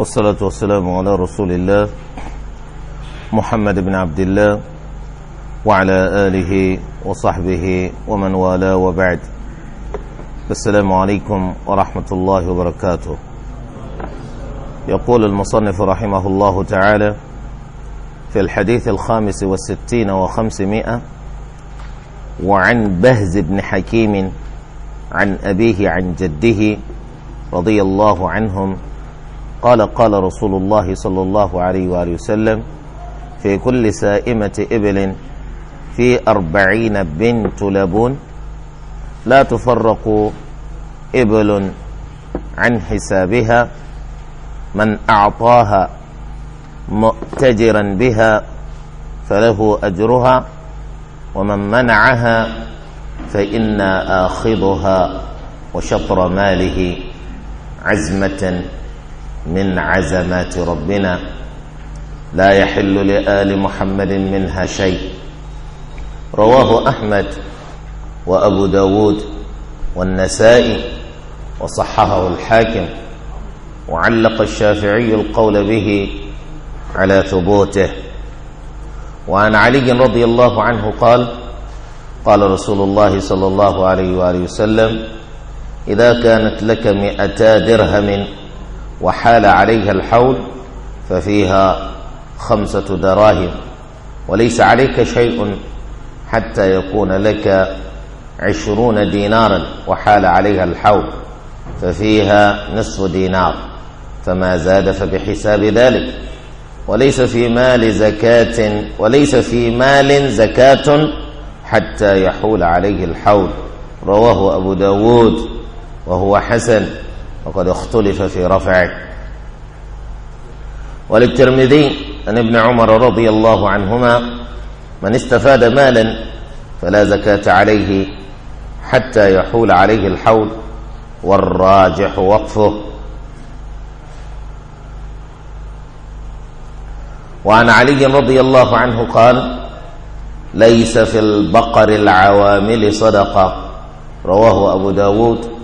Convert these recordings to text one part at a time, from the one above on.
والصلاة والسلام على رسول الله محمد بن عبد الله وعلى آله وصحبه ومن والاه وبعد السلام عليكم ورحمة الله وبركاته يقول المصنف رحمه الله تعالى في الحديث الخامس والستين وخمسمائة وعن بهز بن حكيم عن أبيه عن جده رضي الله عنهم قال قال رسول الله صلى الله عليه وآله وسلم في كل سائمة إبل في أربعين بنت لبون لا تفرق إبل عن حسابها من أعطاها مؤتجرا بها فله أجرها ومن منعها فإنا آخذها وشطر ماله عزمة من عزمات ربنا لا يحل لآل محمد منها شيء رواه أحمد وأبو داود والنسائي وصححه الحاكم وعلق الشافعي القول به على ثبوته وعن علي رضي الله عنه قال قال رسول الله صلى الله عليه وآله وسلم إذا كانت لك مئتا درهم وحال عليها الحول ففيها خمسة دراهم وليس عليك شيء حتى يكون لك عشرون دينارا وحال عليها الحول ففيها نصف دينار فما زاد فبحساب ذلك وليس في مال زكاة وليس في مال زكاة حتى يحول عليه الحول رواه أبو داود وهو حسن وقد اختلف في رفعه وللترمذي عن ابن عمر رضي الله عنهما من استفاد مالا فلا زكاة عليه حتى يحول عليه الحول والراجح وقفه وعن علي رضي الله عنه قال ليس في البقر العوامل صدقة رواه أبو داود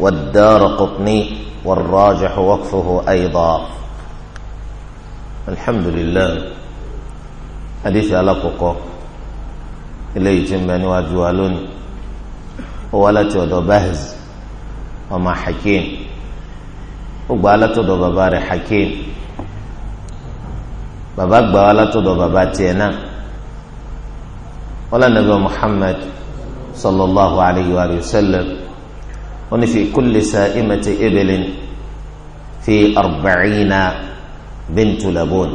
والدار قطني والراجح وقفه أيضا الحمد لله حديث على قوقو إليه جنبان واجوالون ولت ودو بهز وما حكيم وقبع لتدو ببار حكيم بابا قبع لتدو ببا تينا ولا نبي محمد صلى الله عليه وآله وسلم wọ́n ní fi kulli sa'imati ibilin fi arba'ina bintu labun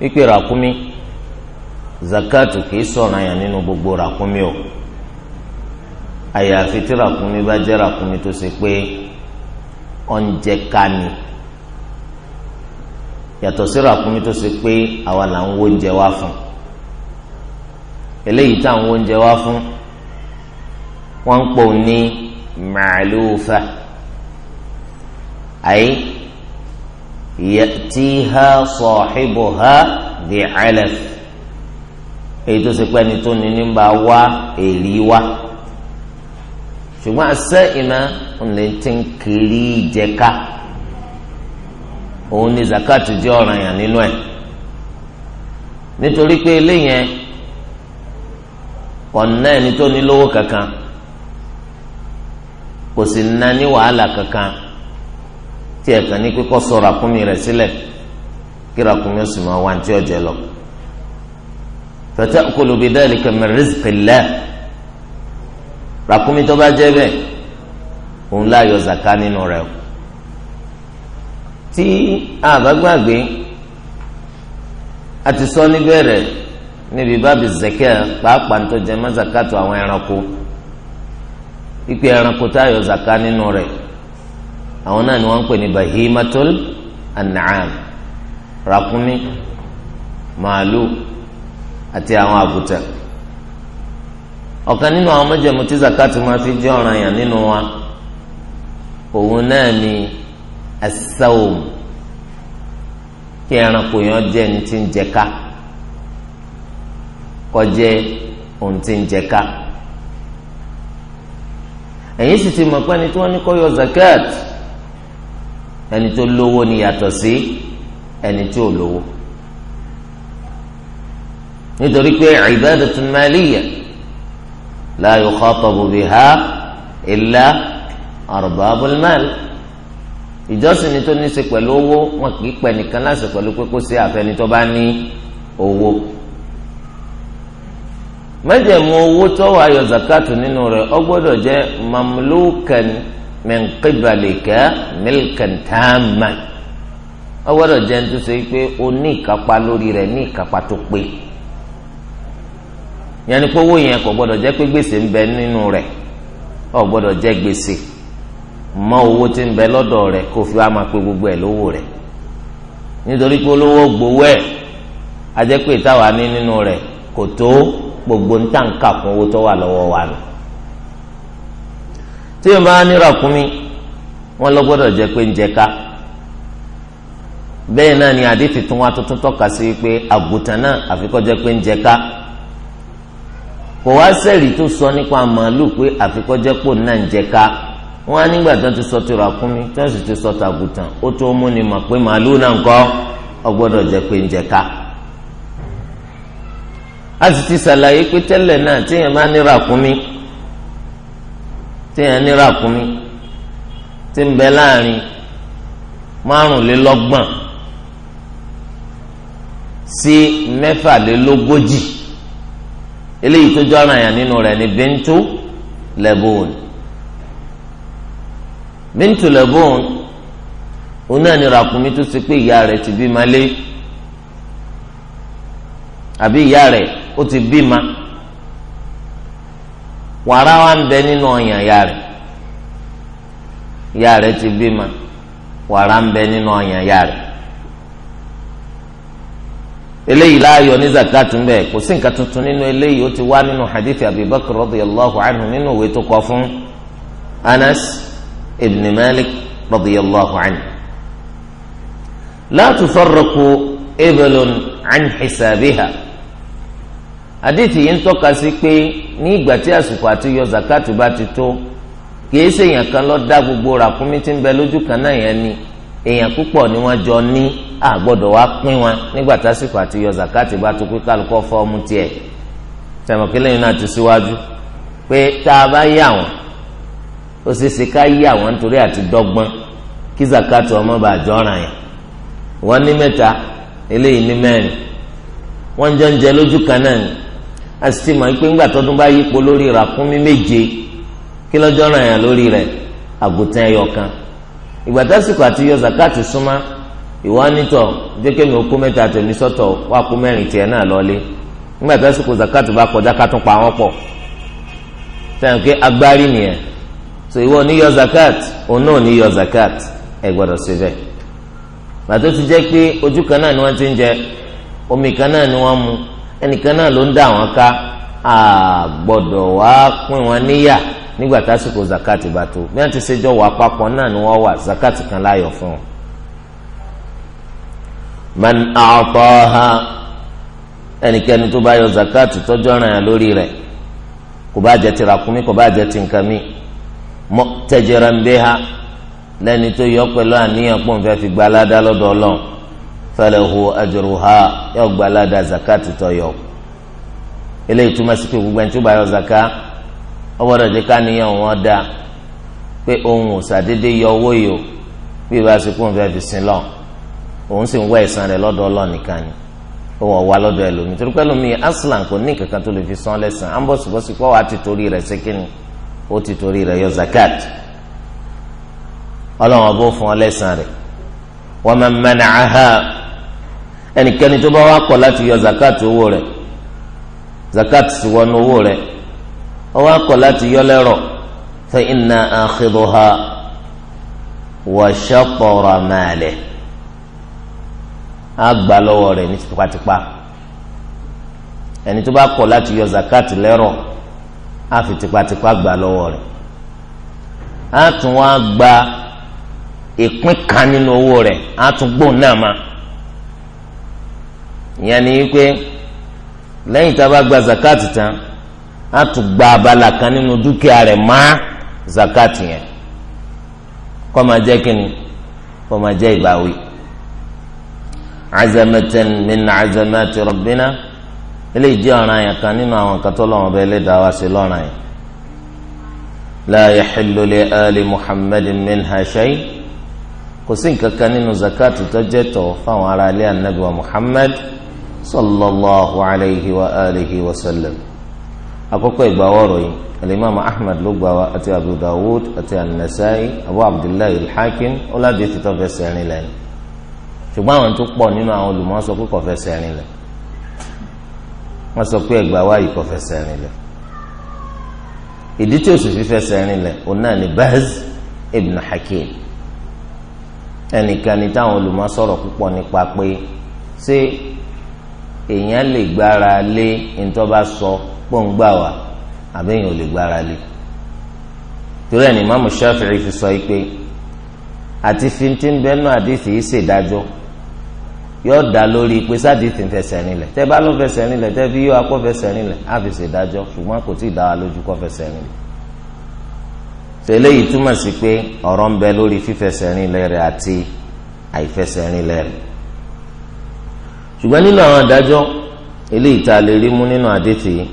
wípé ràkúnmí zakatu kì í sọ̀rọ̀ àyàn nínú gbogbo ràkúnmí o àyàfi tí ràkúnmí bá jẹ́ ràkúnmí tó ṣe pé ọ̀njẹ kani yàtọ̀ sí ràkúnmí tó ṣe pé àwa là ń wo oúnjẹ wá fún eléyìí tá à ń wo oúnjẹ wá fún wọ́n kpọ ní màlúfà ha yàtíhà ha di alẹ́f èyí tó ṣe pé ẹni tó ní ní bá wá èlì ṣùgbọ́n àṣẹ ìmọ̀ ọ̀nà tí ń kiri ìjẹ́ká òun ni jẹ́ ọ̀ràn yàn nínú ẹ̀ nítorí pé eléyẹn ọ̀nà ẹni kò sì na ní wàhálà kankan tí ẹ kàn ní kíkọ́ sọ ràkúnmí rẹ̀ sílẹ̀ kí ràkúnmí ó sì máa wá tí ọ̀jẹ̀ lọ. fatakulu bidhalika min rizqillah ràkúnmí tó bá jẹ́ bẹ́ẹ̀ òun láyọ̀ zaka nínú rẹ̀ o tí àbágbàgbé a ti sọ níbi bábi zẹkẹ́ pàápàá tó jẹ́ mọ́ zakato àwọn ẹranko ipe ẹranko tá a yọ zaka nínú rẹ̀ àwọn náà ni wọ́n ń pè ní bahimatul an'am ràkúnmí màálù àti àwọn àgùtà ọ̀kan nínú àwọn mẹ́jẹ̀mú tí zakati máa fi jẹ́ ọ̀ràn yàn nínú wa òun náà ni as-sawm kí ẹranko yẹn jẹ́ ní ti ń jẹ ká òun ti ń jẹ ẹ̀yin sì ti mọ̀ pé ẹni tí wọ́n ní kó yọ zakat ẹni tó lówó ni yàtọ̀ sí ẹni tí ò lówó nítorí pé ibadatun maliyya la yukhatabu biha illa arbabul mal ìjọsìn ni tó ní í ṣe pẹ̀lú owó wọn kì í pẹ̀ nìkan láṣẹ pẹ̀lú pé kó ṣe àfẹnitọ́ bá ní owó. mẹjẹmu owó tó wà yọ zakatu nínú rẹ̀ ọ gbọ́dọ̀ jẹ́ mamlukan min qibalika milkan tamman ọ gbọ́dọ̀ jẹ́ ní pé o ní ìkápá lórí rẹ̀ ní ìkápá tó pé yẹn pé owó yẹn kò gbọ́dọ̀ jẹ́ pé gbèsè ń bẹ nínú rẹ̀ ọ gbọ́dọ̀ jẹ́ gbèsè mọ owó tí ń bẹ lọ́dọ̀ rẹ̀ kó fi wá máa gbogbo ẹ̀ lówó rẹ̀ nítorí pé olówó gbowó ẹ̀ ìtawà ní nínú rẹ̀ kò gbogbo ń tàǹkà kún owó tó wà lọ́wọ́ wa nù. tí o máa ní ràkúnmí wọn lọ gbọ́dọ̀ jẹ pé ń jẹ ká bẹ́ẹ̀ náà ni àdìtì tún wá tuntun sí pé àgùntàn náà jẹ pé ń kò wá tó sọ nípa màálù pé àfikọ́ jẹ́ pò náà wọn á nígbà sọ ti tó sì ti sọ ó tó pé màálù náà a sì ti ṣàlàyé pé tẹ́lẹ̀ náà téèyàn bá ní ràkúnmí téèyàn ní ràkúnmí tí ń bẹ láàrin márùnlélọ́gbọ̀n sí mẹ́fàlélógójì eléyìí tó jọ́ràn yàn nínú rẹ̀ ní bíntu lẹ́bùn bíntu lẹ́bùn òun náà ní tó ṣe pé ìyá rẹ̀ ti bí malé àbí ìyá rẹ̀ ó ti bímọ wàrà wa ń bẹ nínú ọyàn ìyá rẹ̀ ìyá rẹ̀ ti bímọ wàrà ń bẹ nínú ọyàn ìyá rẹ̀ eléyìí láàyò ní zakatu ń bẹ kò sí nǹkan tuntun nínú eléyìí ó ti wá nínú hadithi abibakar radiyallahu anhu nínú ìwé tó kọ fún anas ibn malik radiyallahu anhu la tufarriqu iblun an hisabiha àdìtì yìí ń tọ́ka sí pé ní ìgbà tí àsìkò àti yọ zakat bá ti tó kìí ṣe èèyàn kan lọ dá gbogbo ràkúnmí tí ń bẹ lójú kan náà yẹn ni èèyàn púpọ̀ ni wọ́n jọ ní àgbọ̀dọ̀ wá pín wọn nígbà tásìkò àti yọ zakat bá tó pé kálukọ́ fọ́ọ̀mù tiẹ̀ tẹ̀mọ̀kílẹ̀ yìí náà ti síwájú pé tá a bá yà wọ́n ó ṣe ṣe ká yà wọ́n nítorí àti dọ́gbọ́n kí zakat ọmọ bá jọ́ràn yẹn wọ́n ní mẹ́ta eléyìí ní mẹ́rin wọ́n jọ ń lójú kan náà asitima sì ti mọ̀ pé ńgbà tọdún bá yípo lórí ràkúnmí méje kí lọ́jọ́ ràn lórí kan àti yọ zakati súnmọ́ ìwọ nítọ̀ okú mẹ́ta tèmi sọ́tọ̀ wá kú mẹ́rin tiẹ̀ náà lọ́lé ńgbà zakati bá kọjá pa agbárí nìyẹn so ìwọ oníyọ zakat òun náà zakat ẹ gbọ́dọ̀ ti pé ojú ni ti ń jẹ omi kan mu ẹnìkan náà ló ń dá wọn ká a gbọ́dọ̀ wá pín wọn níyà nígbà tásìkò zakati bá tó bí wọn ti ṣe jọ wà papọ̀ náà ni wọ́n wà zakati kan láyọ̀ fún wọn. man a'taha ẹnikẹ́ni tó bá yọ zakati tọ́jú ọ̀ràn yẹn lórí rẹ̀ kò bá jẹ́ ti ràkúnmí kò bá jẹ́ ti nǹkan mi mu'tajiran biha lẹ́ni tó yọ pẹ̀lú àníyàn pọ̀ nfẹ́ fi gba aládá lọ́dọ̀ ọlọ́run falahu ajruha yóò gba aládàá zakati tọyọ eléyìí túmọ̀ sí pé gbogbo ẹni tó bá yọ zaka ọgbọ́dọ̀ jẹ́ ká níyàn wọn pé òun ò sàdédé yọ owó yìí o bí ìbá sí fi sin lọ òun sì ń wá lọ́dọ̀ ni òun ọ̀wá lọ́dọ̀ ẹlòmíì torí pẹ́lú mi aslan kò ní kankan tó lè fi san lẹ́sàn yọ zakat fún ọ lẹ́sàn ẹnikẹ́ni tó bá wá kọ̀ láti yọ zakat owó rẹ̀ zakat sì wọnú owó rẹ̀ ó wá kọ̀ láti yọ lẹ́rọ̀ fa inna akhidhuha wa shatara malihi á gbà lọ́wọ́ rẹ̀ ní tipátipá ẹni tó bá kọ̀ láti yọ zakat lẹ́rọ̀ á fi gbà lọ́wọ́ rẹ̀ á gba ìpín kan nínú owó rẹ̀ á náà máa ìyẹn ni wípé lẹ́yìn tá a bá gba zakat tán á tún gba abala kan nínú dúkìá rẹ̀ má zakat yẹn kó máa jẹ́ kínní kó máa jẹ́ ìbáwí. azamatan min azamati rabbina eléyìí jẹ́ ọ̀ràn yẹn kan nínú àwọn kan lọ́wọ́ bẹ́ẹ̀ lè dá sí lọ́ràn yẹn. la yahillu ali muhammadin minha shay kò sí nǹkan kan nínú zakat tó jẹ́ tọ̀ fáwọn ará ilé wa muhammad sallallahu alayhi wa alihi wa sallam àkọ́kọ́ ìgbàwọrọ yìí alimami ahmed ló gbà wá àti abu dawud àti anasai abu abdullahi alhakim ọládìí ti tó fẹsẹ̀ rìn lẹ́nu ṣùgbọ́n àwọn tó pọ̀ nínú àwọn olùmọ̀ sọ pé kò fẹsẹ̀ rìn lẹ̀ wọ́n sọ pé ẹgbàá wáyé kò fẹsẹ̀ rìn lẹ̀ ìdí tí òsì fi fẹsẹ̀ rìn lẹ̀ ni Bahz ibn Hakim ẹnìkan ni táwọn olùmọ̀ púpọ̀ nípa pé ṣé èèyàn lè gbára lé ntọ́ba sọ pọ́ngbà wá àbẹ́yìn ò lè gbára lé torí ẹni Imam Shafi'i fi sọ pé àti fintí ń bẹ́nu àdìsí yìí ṣèdájọ́ yóò dá lórí pé sádìsí ń fẹsẹ̀ rinlẹ̀ tẹ́ bá ló fẹsẹ̀ rinlẹ̀ tẹ́ fi yóò akọ́ fẹsẹ̀ rinlẹ̀ á fi ṣèdájọ́ ṣùgbọ́n kò tí ì dá wa lójú kọ́ fẹsẹ̀ rinlẹ̀ tẹ́lẹ̀ yìí túmọ̀ sí pé ọ̀rọ̀ ń bẹ lórí fífẹsẹ̀ rinlẹ̀ rẹ̀ àti àìfẹsẹ̀ rinlẹ̀ rẹ̀ ṣùgbọ́n nínú àwọn adájọ́ eléyìí tá a lè rí mú nínú àdéhìí yìí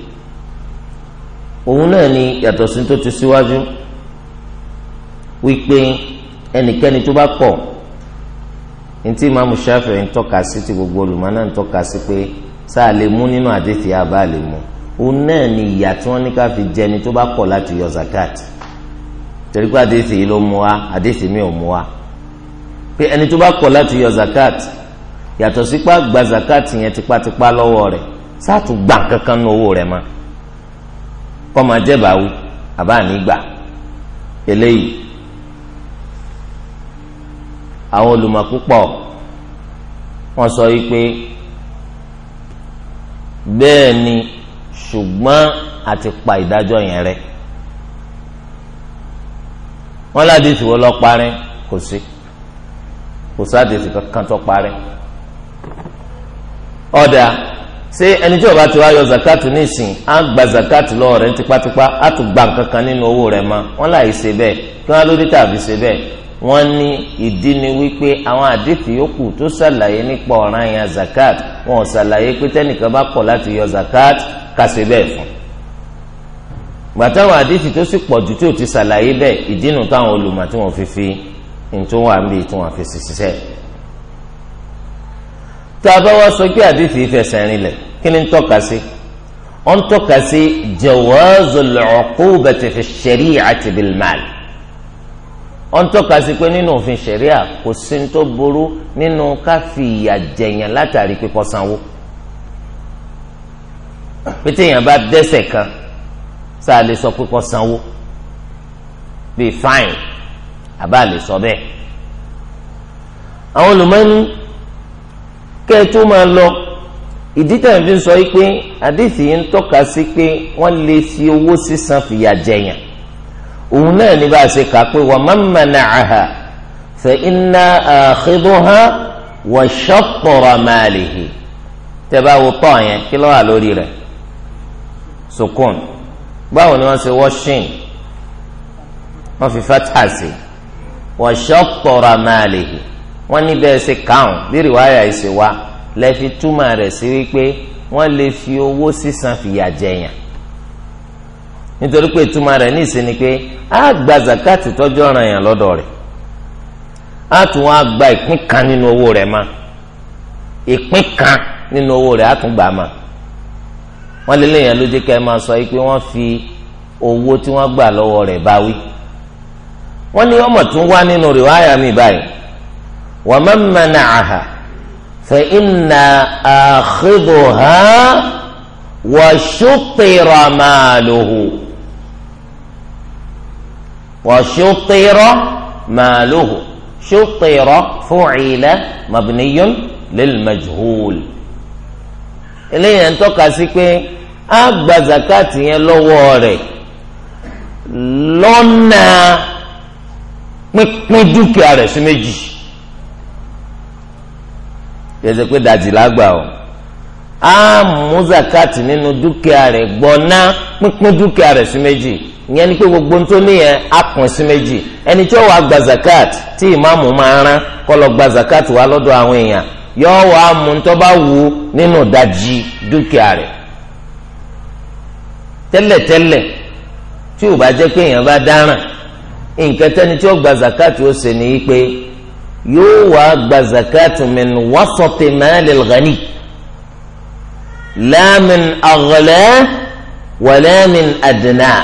òun náà ni yàtọ̀ sí tó ti síwájú wípé ẹnikẹ́ni tó bá pọ̀ ntí Imam Shafi'i ń tọ́ka sí ti gbogbo olùmọ̀ náà ń tọ́ka sí pé sáà lè mú nínú àdéhìí yìí àbá lè mú òun náà ni ìyà tí wọ́n ní ká fi jẹni tó bá pọ̀ láti yọ zakat torí pé àdéhìí yìí ló mú wa àdéhìí mi ò mú wa pé ẹni tó bá pọ̀ láti yọ zakat yàtọ̀ sípà gba zakati yẹn tipátipá lọ́wọ́ rẹ̀ sáàtù gbà kankan ní owó rẹ̀ mọ́ kọ́ máa jẹ́ báwí àbá nígbà eléyìí àwọn olùmọ̀ púpọ̀ wọ́n sọ yìí pé bẹ́ẹ̀ ni ṣùgbọ́n àti pa ìdájọ́ yẹn rẹ̀ wọ́n ládìsí wo lọ́ọ́ parẹ́ kò sí kò sáà dìsí kankan tó parẹ́ ọ̀dà ṣé ẹni tí ó bá ti wá yọ zakat nísìn á gba zakat lọ́wọ́ rẹ̀ tipátipá á tún gba nǹkan kan nínú owó rẹ̀ mọ́ wọ́n láì ṣe bẹ́ẹ̀ kí wọ́n á lórí tàbí ṣe bẹ́ẹ̀ wọ́n ní ìdí ni wípé àwọn àdìtì yòókù tó ṣàlàyé nípa ọ̀ràn yẹn zakat wọn ò ṣàlàyé pé tẹ́nìkan bá kọ̀ láti yọ zakat ká ṣe bẹ́ẹ̀ fún un gbàtàwọn àdìsí tó sì pọ̀ jù tí ò ti ṣàlàyé bẹ́ẹ̀ ìdínú táwọn olùmọ̀ tí tá a bá wá sọ pé àdìsí ìfẹsẹ̀ rinlẹ̀ kí ni ń tọ́ka sí ó ń tọ́ka sí jawazul uqubati fi shari'ati bil mal ó ń tọ́ka sí pé nínú òfin ṣẹ̀ríà kò sí ní tó burú nínú ká ìyà jẹ̀yàn látàrí pípọ́ sanwó pété bá dẹ́ṣẹ̀ kan sá a lè sọ pípọ́ sanwó bíi fáìn àbá lè sọ bẹ́ẹ̀ àwọn olùmọ́ni kẹ́ ẹ tó máa lọ ìdí tẹ̀ fi sọ yìí pé àdìsí yìí ń tọ́ka sí pé wọ́n lè fi owó sísan fìyà jẹyàn òun náà ní bá a ṣe kà á pé wa man mana'aha fa inna akhiduha wa shattara malihi tẹ́ bá wo tọ́ yẹn kí ló wà lórí rẹ̀ sukun báwo ni wọ́n ṣe washing wọ́n fi fatah sí wa shattara malihi wọ́n ní bẹ́ẹ̀ ṣe káwọn bí rìwáyà ìṣe wa lẹ́ fi túmọ̀ rẹ̀ sí wípé wọ́n lè fi owó sísan fìyà jẹyàn nítorí pé túmọ̀ rẹ̀ ní ni pé a gba zakati tọ́jú ọ̀ràn yàn lọ́dọ̀ rẹ̀ a tún wá gba ìpín kan nínú owó rẹ̀ ma ìpín kan nínú owó rẹ̀ a tún gbà ma wọ́n lé lẹ́yìn ló jẹ́ ká ẹ máa sọ pé wọ́n fi owó tí wọ́n gbà lọ́wọ́ rẹ̀ báwí wọ́n ní ọmọ tún wá nínú rìwáyà mi báyìí. ومن منعها فإنا آخذها وشطر ماله وشطر ماله شطر فعل مبني للمجهول إلي أن تقاسي أبا زكاة يلووري لنا مكمدوك يا رسمجي yẹsẹ pé dàjì lágbà o a muzakati zakati nínú dúkìá rẹ̀ gbọnà pínpín dúkìá rẹ̀ sí méjì ìyẹn ni pé gbogbo tó níyẹn á pín sí méjì ẹni tí ó wàá gba zakati tí ìmáàmù máa rán kó lọ gba zakati wá lọ́dọ̀ àwọn èèyàn yóò wàá mú tó bá wù nínú dàjì dúkìá rẹ̀ tẹ́lẹ̀tẹ́lẹ̀ tí ò bá jẹ́ pé èèyàn bá dáràn nǹkan tẹ́ni tí ó gba zakati ó ṣe nìyí pé yóò wá gba zakatu min wasati maali lghani la min aghla wala min adna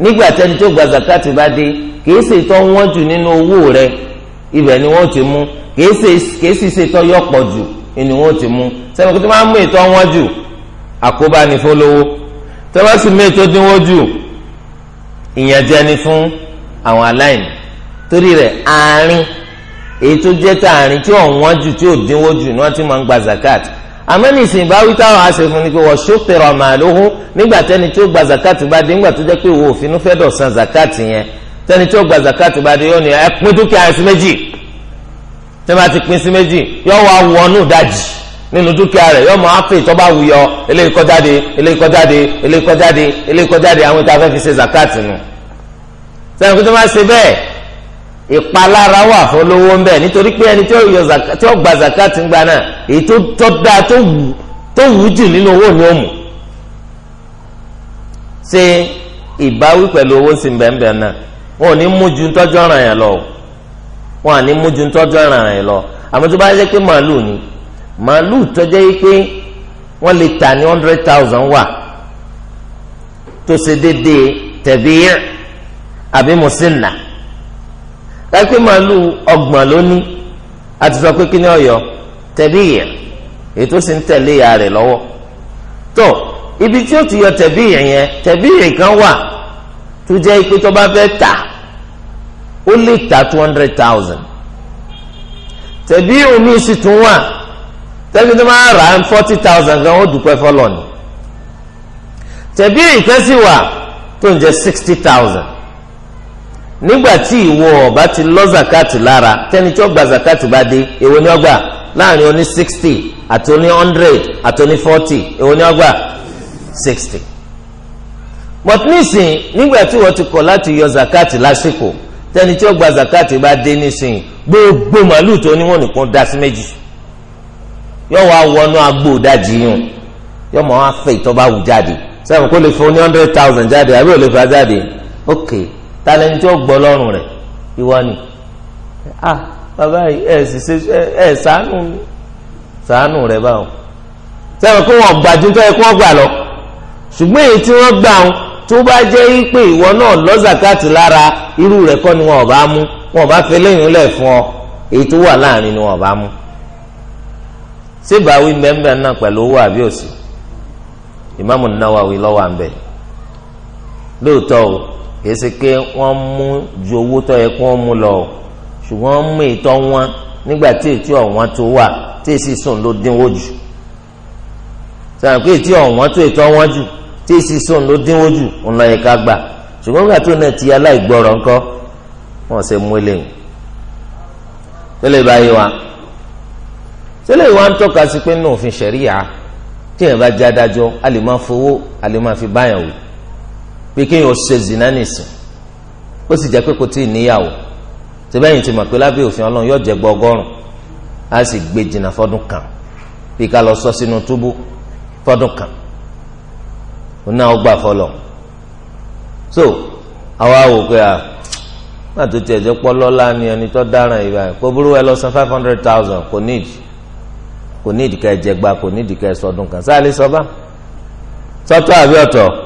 nígbà tẹni tó gba zakatu bá dé kìí ṣe tó wọ́n jù nínú owó rẹ̀ ibẹ̀ ni wọ́n ti mú kìí sì ṣe tó yọpọ̀ jù ni wọ́n ti mú sẹ́wọ́n kí tó máa mú ètò wọ́n jù àkóbá ni fọlọ́wọ́ tẹ́wọ́n sì mú ètò dínwó jù ìyẹn jẹ́ fún àwọn aláìní torí rẹ̀ àárín èyí tó jẹ́ tààrin tí ọ̀wọ́n jù tí ò dínwó jù ni wọ́n ti máa ń gba zakat àmọ́ ní ìsìn ìbáwí táwọn aṣèfún ni pé wọ́n ṣòfèrè màlúhù nígbà tẹ́ni tí gba zakat bá dé nígbà tó jẹ́ pé wo òfin fẹ́ dọ̀sán zakat yẹn tẹ́ni tí ó gba zakat bá dé yóò ní ẹ pín dúkìá sí méjì tí bá ti pín sí méjì yóò wá wọnú dájì nínú dúkìá rẹ̀ yóò máa fè tó wuyọ eléyìí kó eléyìí kó eléyìí kó eléyìí kó zakat nù sẹ́yìn kó tó ìpalára wà fún olówó ń bẹ nítorí pé ẹni tí ó gba zakati ń gba náà èyí tó tọ́ da tó wù tó wù jù nínú owó ni ó mú ṣe ìbáwí pẹ̀lú owó sí bẹ́ẹ̀nbẹ́ẹ̀ náà wọn ò ní mú ju tọ́jú ọ̀ràn yẹn lọ wọn à ní mú ju tọ́jú ọ̀ràn yẹn lọ àmọ́ tó bá jẹ́ pé màálù ni màálù tó jẹ́ pé wọ́n lè tà ní hundred thousand wà tó ṣe déédéé tẹ̀bí àbí mùsínà dákẹ́ màálù ọgbọ̀n lóní àti sọ pé kí ni ọ̀yọ́ tẹ̀bíyà ètò sì ń tẹ̀lé ìyá rẹ̀ lọ́wọ́ tó ibi tí ó ti yọ tẹ̀bíyà yẹn tẹ̀bíyà kan wà tó jẹ́ pé tó bá fẹ́ tà ó lè ta two hundred thousand tẹ̀bíyà omi sì tún wà tẹbi tó máa rà forty thousand gan ó dúpẹ́ fọlọ́ ni tẹ̀bíyà kan wà tó ń jẹ́ sixty thousand nígbà tí ìwọ ọba ti lọ zakati lára tẹni tí ó gba zakati bá dé èwo ni ó gbà láàrin oní sixty àti oní hundred àti oní forty èwo ni ó gbà sixty. but nísìn nígbà tí ìwọ ti kọ̀ láti yọ zakati lásìkò tẹni tí ó gba zakati bá dé nísìn gbogbo màálù tó ní wọn nìkan dá sí méjì yọ wá wọnú agbó dájì yún yọ mọ wá fẹ ìtọ́ wù jáde sẹ́wọ̀n kó lè fún ní hundred thousand jáde àbí ò lè fà jáde ok talẹni tí ó gbọ́ ni ah bàbá yìí ẹ sì ṣe ẹ sànù sànù rẹ̀ báwo sẹ́wọ̀n kí wọ́n gbàdúrà tó yẹ kí wọ́n gbà lọ ṣùgbọ́n èyí tí wọ́n gbà ń tó bá jẹ́ pé ìwọ náà lọ lára irú rẹ̀ kọ́ ni wọn ò bá mú wọn ò bá fi lẹ́yìn lẹ̀ fún ọ èyí tó wà láàrin ni wọn bá mú. síbáwí mbẹ́mbẹ́ náà pẹ̀lú owó àbí ìmáàmù Nawawi lọ́wọ́ à ń bẹ̀ lóòótọ́ o kìí ṣe pé wọ́n mú ju owó tó yẹ kí wọ́n mú lọ ṣùgbọ́n wọ́n mú ìtọ́ wọn nígbà tí ètí ọ̀wọ́n tó wà tí èsì sùn ló dínwó jù sàn pé ètí ọ̀wọ́n tó ètò ọ̀wọ́n jù tí èsì sùn ló dínwó jù ńlọ yẹ ká gbà ṣùgbọ́n nígbà tó náà ti aláìgbọ́rọ̀ ńkọ́ wọ́n ṣe mú eléyìí tẹ́lẹ̀ báyìí wa tẹ́lẹ̀ wa ń tọ́ka sí pé nínú òfin ṣẹ̀ríyà tí èèyàn bá jẹ́ adájọ́ a lè máa fowó a lè máa fi báyàn wò pé kéèyàn ṣe zina nìsín ó sì jẹ́ pé kò tí ì níyàwó tẹ́bẹ́yìn ti mọ̀ pé lábẹ́ òfin ọlọ́run yóò jẹ́ gbọ́ ọgọ́rùn á sì gbé jìnnà fọ́dún kan bí ká lọ sọ sínú túbú fọ́dún kan ó náà ó gbà so àwa wò pé à má tó tiẹ̀ jẹ́ pọ́ ni ẹni tó dáràn yìí báyìí kó burú ẹ lọ san five hundred thousand kò níìdì kò níìdì ká ẹ jẹ gba kò níìdì ká ẹ sọdún kan sáà lè sọ bá sọ́tọ̀ àbí ọ̀tọ̀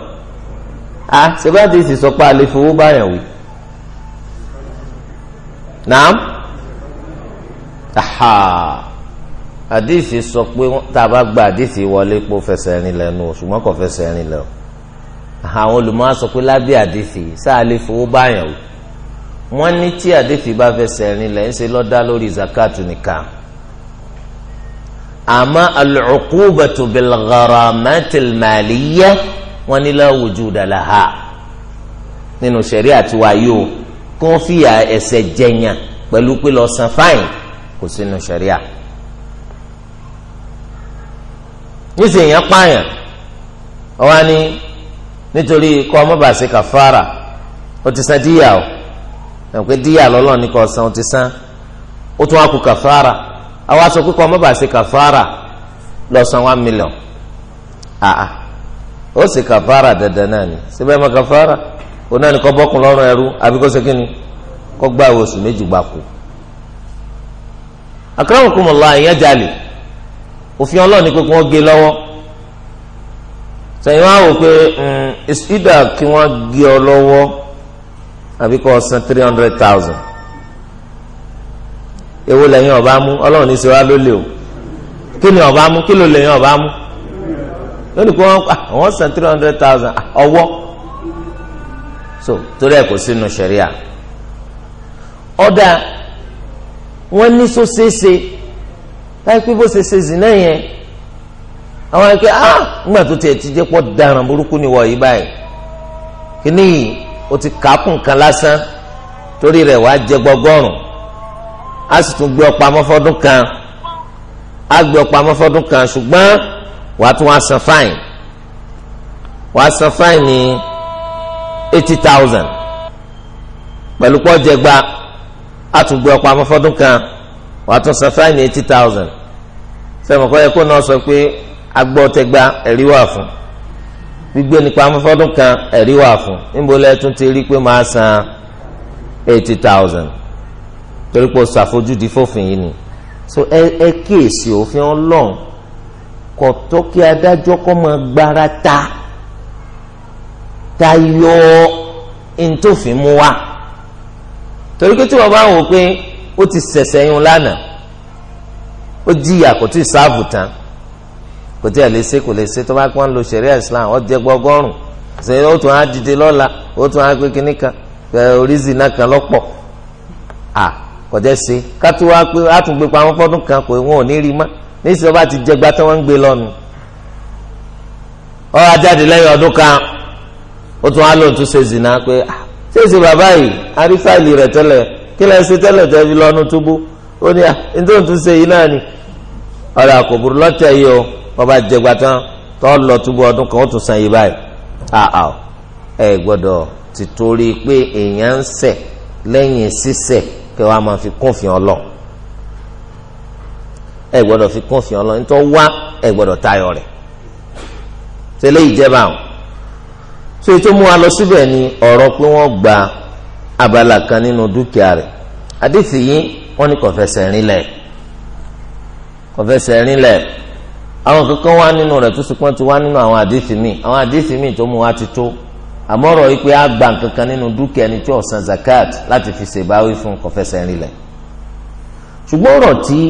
a ah, sèbáàtì sì sọ pé alẹ́ fowó báyàn wí naam aha àdìsí sọ pé tá a bá gba àdìsí wọlé pé ó fẹsẹ̀ rìn lẹ́nu ṣùgbọ́n kò fẹsẹ̀ rìn lẹ́nu àwọn olùmọ̀ọ́ sọ pé lábẹ́ àdìsí sáà alẹ́ fowó báyàn wí wọ́n ní tí àdìsí bá fẹsẹ̀ rìn lẹ́ ṣe lọ́dá lórí zakatu nìkan àmọ́ al-uqubatu bil-gharamatil maliyya wọn ní la wujuda laha nínú sẹ̀ríà tí wà yìí o kó fìyà ẹ̀ṣẹ̀ jẹyàn pẹ̀lú pé lọ san fáìn kò sínú sẹ̀ríà níṣẹ́ èèyàn pààyàn ọwọ́ ni nítorí kọ́ ọmọ bá kàfàrà ó ti san díyà o ẹ̀ pé díyà lọ́lọ́ ní kò san ó ti san ó tún wá kú kàfàrà àwa sọ pé kọ́ ọmọ kàfàrà lọ san one million Ah, ah ó sì kàfàrà dandan náà ni síbẹ̀ ma kàfàrà ó náà ní kọ́ bọ́kùn lọ́rùn ẹrú àbí kó ṣe kíni kó gbá oṣù méjì gbáko. akramakumullah ìyẹn jalè òfin ọlọ́run ni pé wọ́n gé lọ́wọ́ sẹ́yìn wọn wò pé ìdá hmm, kí wọ́n gé ọ lọ́wọ́ àbí kó san three hundred thousand èwo lẹ́yìn ọba mú ọlọ́run ní sọ wá lólè o kí ni ọba mú kí ló lẹ́yìn ọba mú lónìí wọn àwọn ah, san three hundred thousand ah, ọwọ́ so torí ẹ̀ kò sínú sẹ̀ríà ọ̀dà wọn ní so ṣeéṣe láì pé bó ṣe ṣe zì náà yẹn àwọn ẹ̀kẹ́ ah nígbà tó tiẹ̀ ti jẹ́ pọ̀ daran burúkú ni wọ̀ yí báyìí kíní yìí o ti kàákùn kan lásán torí rẹ̀ wàá jẹ gbọgọ́rùn a sì tún gbé ọ pamọ́ fọ́dún kan a gbé ọ pamọ́ fọ́dún kan ṣùgbọ́n wàá tún wàá san fáìn wàá san fáìn ní eighty thousand pẹ̀lú pọ́jẹgba àtúgbò ọ̀pọ̀ amọ́fọ́dún kan wàá tún san fáìn ní eighty thousand sẹ́wọ̀n kọ́ yẹ kó náà sọ pé agbọ́tẹgba ẹ̀rí wà fún gbígbé nípa amọ́fọ́dún kan ẹ̀rí wà fún níbo lẹ́tún ti rí pé máa san eighty thousand torí pé o ṣàfojúdi fòfin yìí ni so ẹ kíyèsí òfin ọlọ́run kọ̀tọ́ kí adájọ́ kọ́ máa gbára ta tayọ ntòfin mu wa torí pé tí wọ́n bá wò pé ó ti ṣẹ̀ṣẹ̀ yún lánàá ó jìyà kò sáàbù tán kò tí ì lè ṣe kò lè ṣe tó bá pọ́n lo ṣẹ̀ríà Islam ó jẹ́ gbọ́gọ́rùn ṣe ó tún á dìde lọ́la ó tún á pé kínní kan oríṣi náà kan lọ́pọ̀ à kọjá ṣe ká tó wá pé á tún gbé pamọ́ fọ́dún kan kò wọ́n ò ní rí mọ́ níṣẹ́ tó bá ti jẹ gbá tí wọ́n ń gbé lọ́nu ọ ajáde lẹ́yìn ọdún kan ó tún á lóun tún ṣe zina pé ah, ṣé ṣe bàbá yìí arífàìlì rẹ̀ tẹ́lẹ̀ kí lẹ́yìn ṣe tẹ́lẹ̀ tẹ́ fi lọ́nu túbú ó ní à ah, ní tóun tún ṣe yìí náà ni ọ̀rọ̀ àkòbùrú lọ́tẹ̀ yìí o wọ́n bá jẹ gbá tán tó lọ túbú ọdún kan ó tún san yìí báyìí àà ah, ẹ gbọ́dọ̀ ti torí pé èèyàn ń ṣẹ̀ lẹ́yìn ṣíṣẹ̀ kí wọ́n máa fi kún fi hàn ẹ gbọ́dọ̀ fi kún fi ọlọ́run tó wá ẹ gbọ́dọ̀ tayọ rẹ̀ tẹ́lẹ̀ ìjẹba o so ètò mú wa lọ ni ọ̀rọ̀ pé wọ́n gba abala kan nínú dúkìá rẹ̀ àdìsí yìí wọ́n ní kọ̀fẹ́sẹ̀ rinlẹ̀ kọ̀fẹ́sẹ̀ rinlẹ̀ àwọn kankan wá nínú rẹ̀ tó sùpọ́n ti wá nínú àwọn àdìsí míì àwọn àdìsí míì tó mú wa ti tó àmọ́ yìí pé a gba nkankan nínú dúkìá ẹni tí ó zakat láti fi ṣèbáwí fún kọ̀fẹ́sẹ̀ rinlẹ̀ ṣùgbọ́n ọ̀rọ̀ tí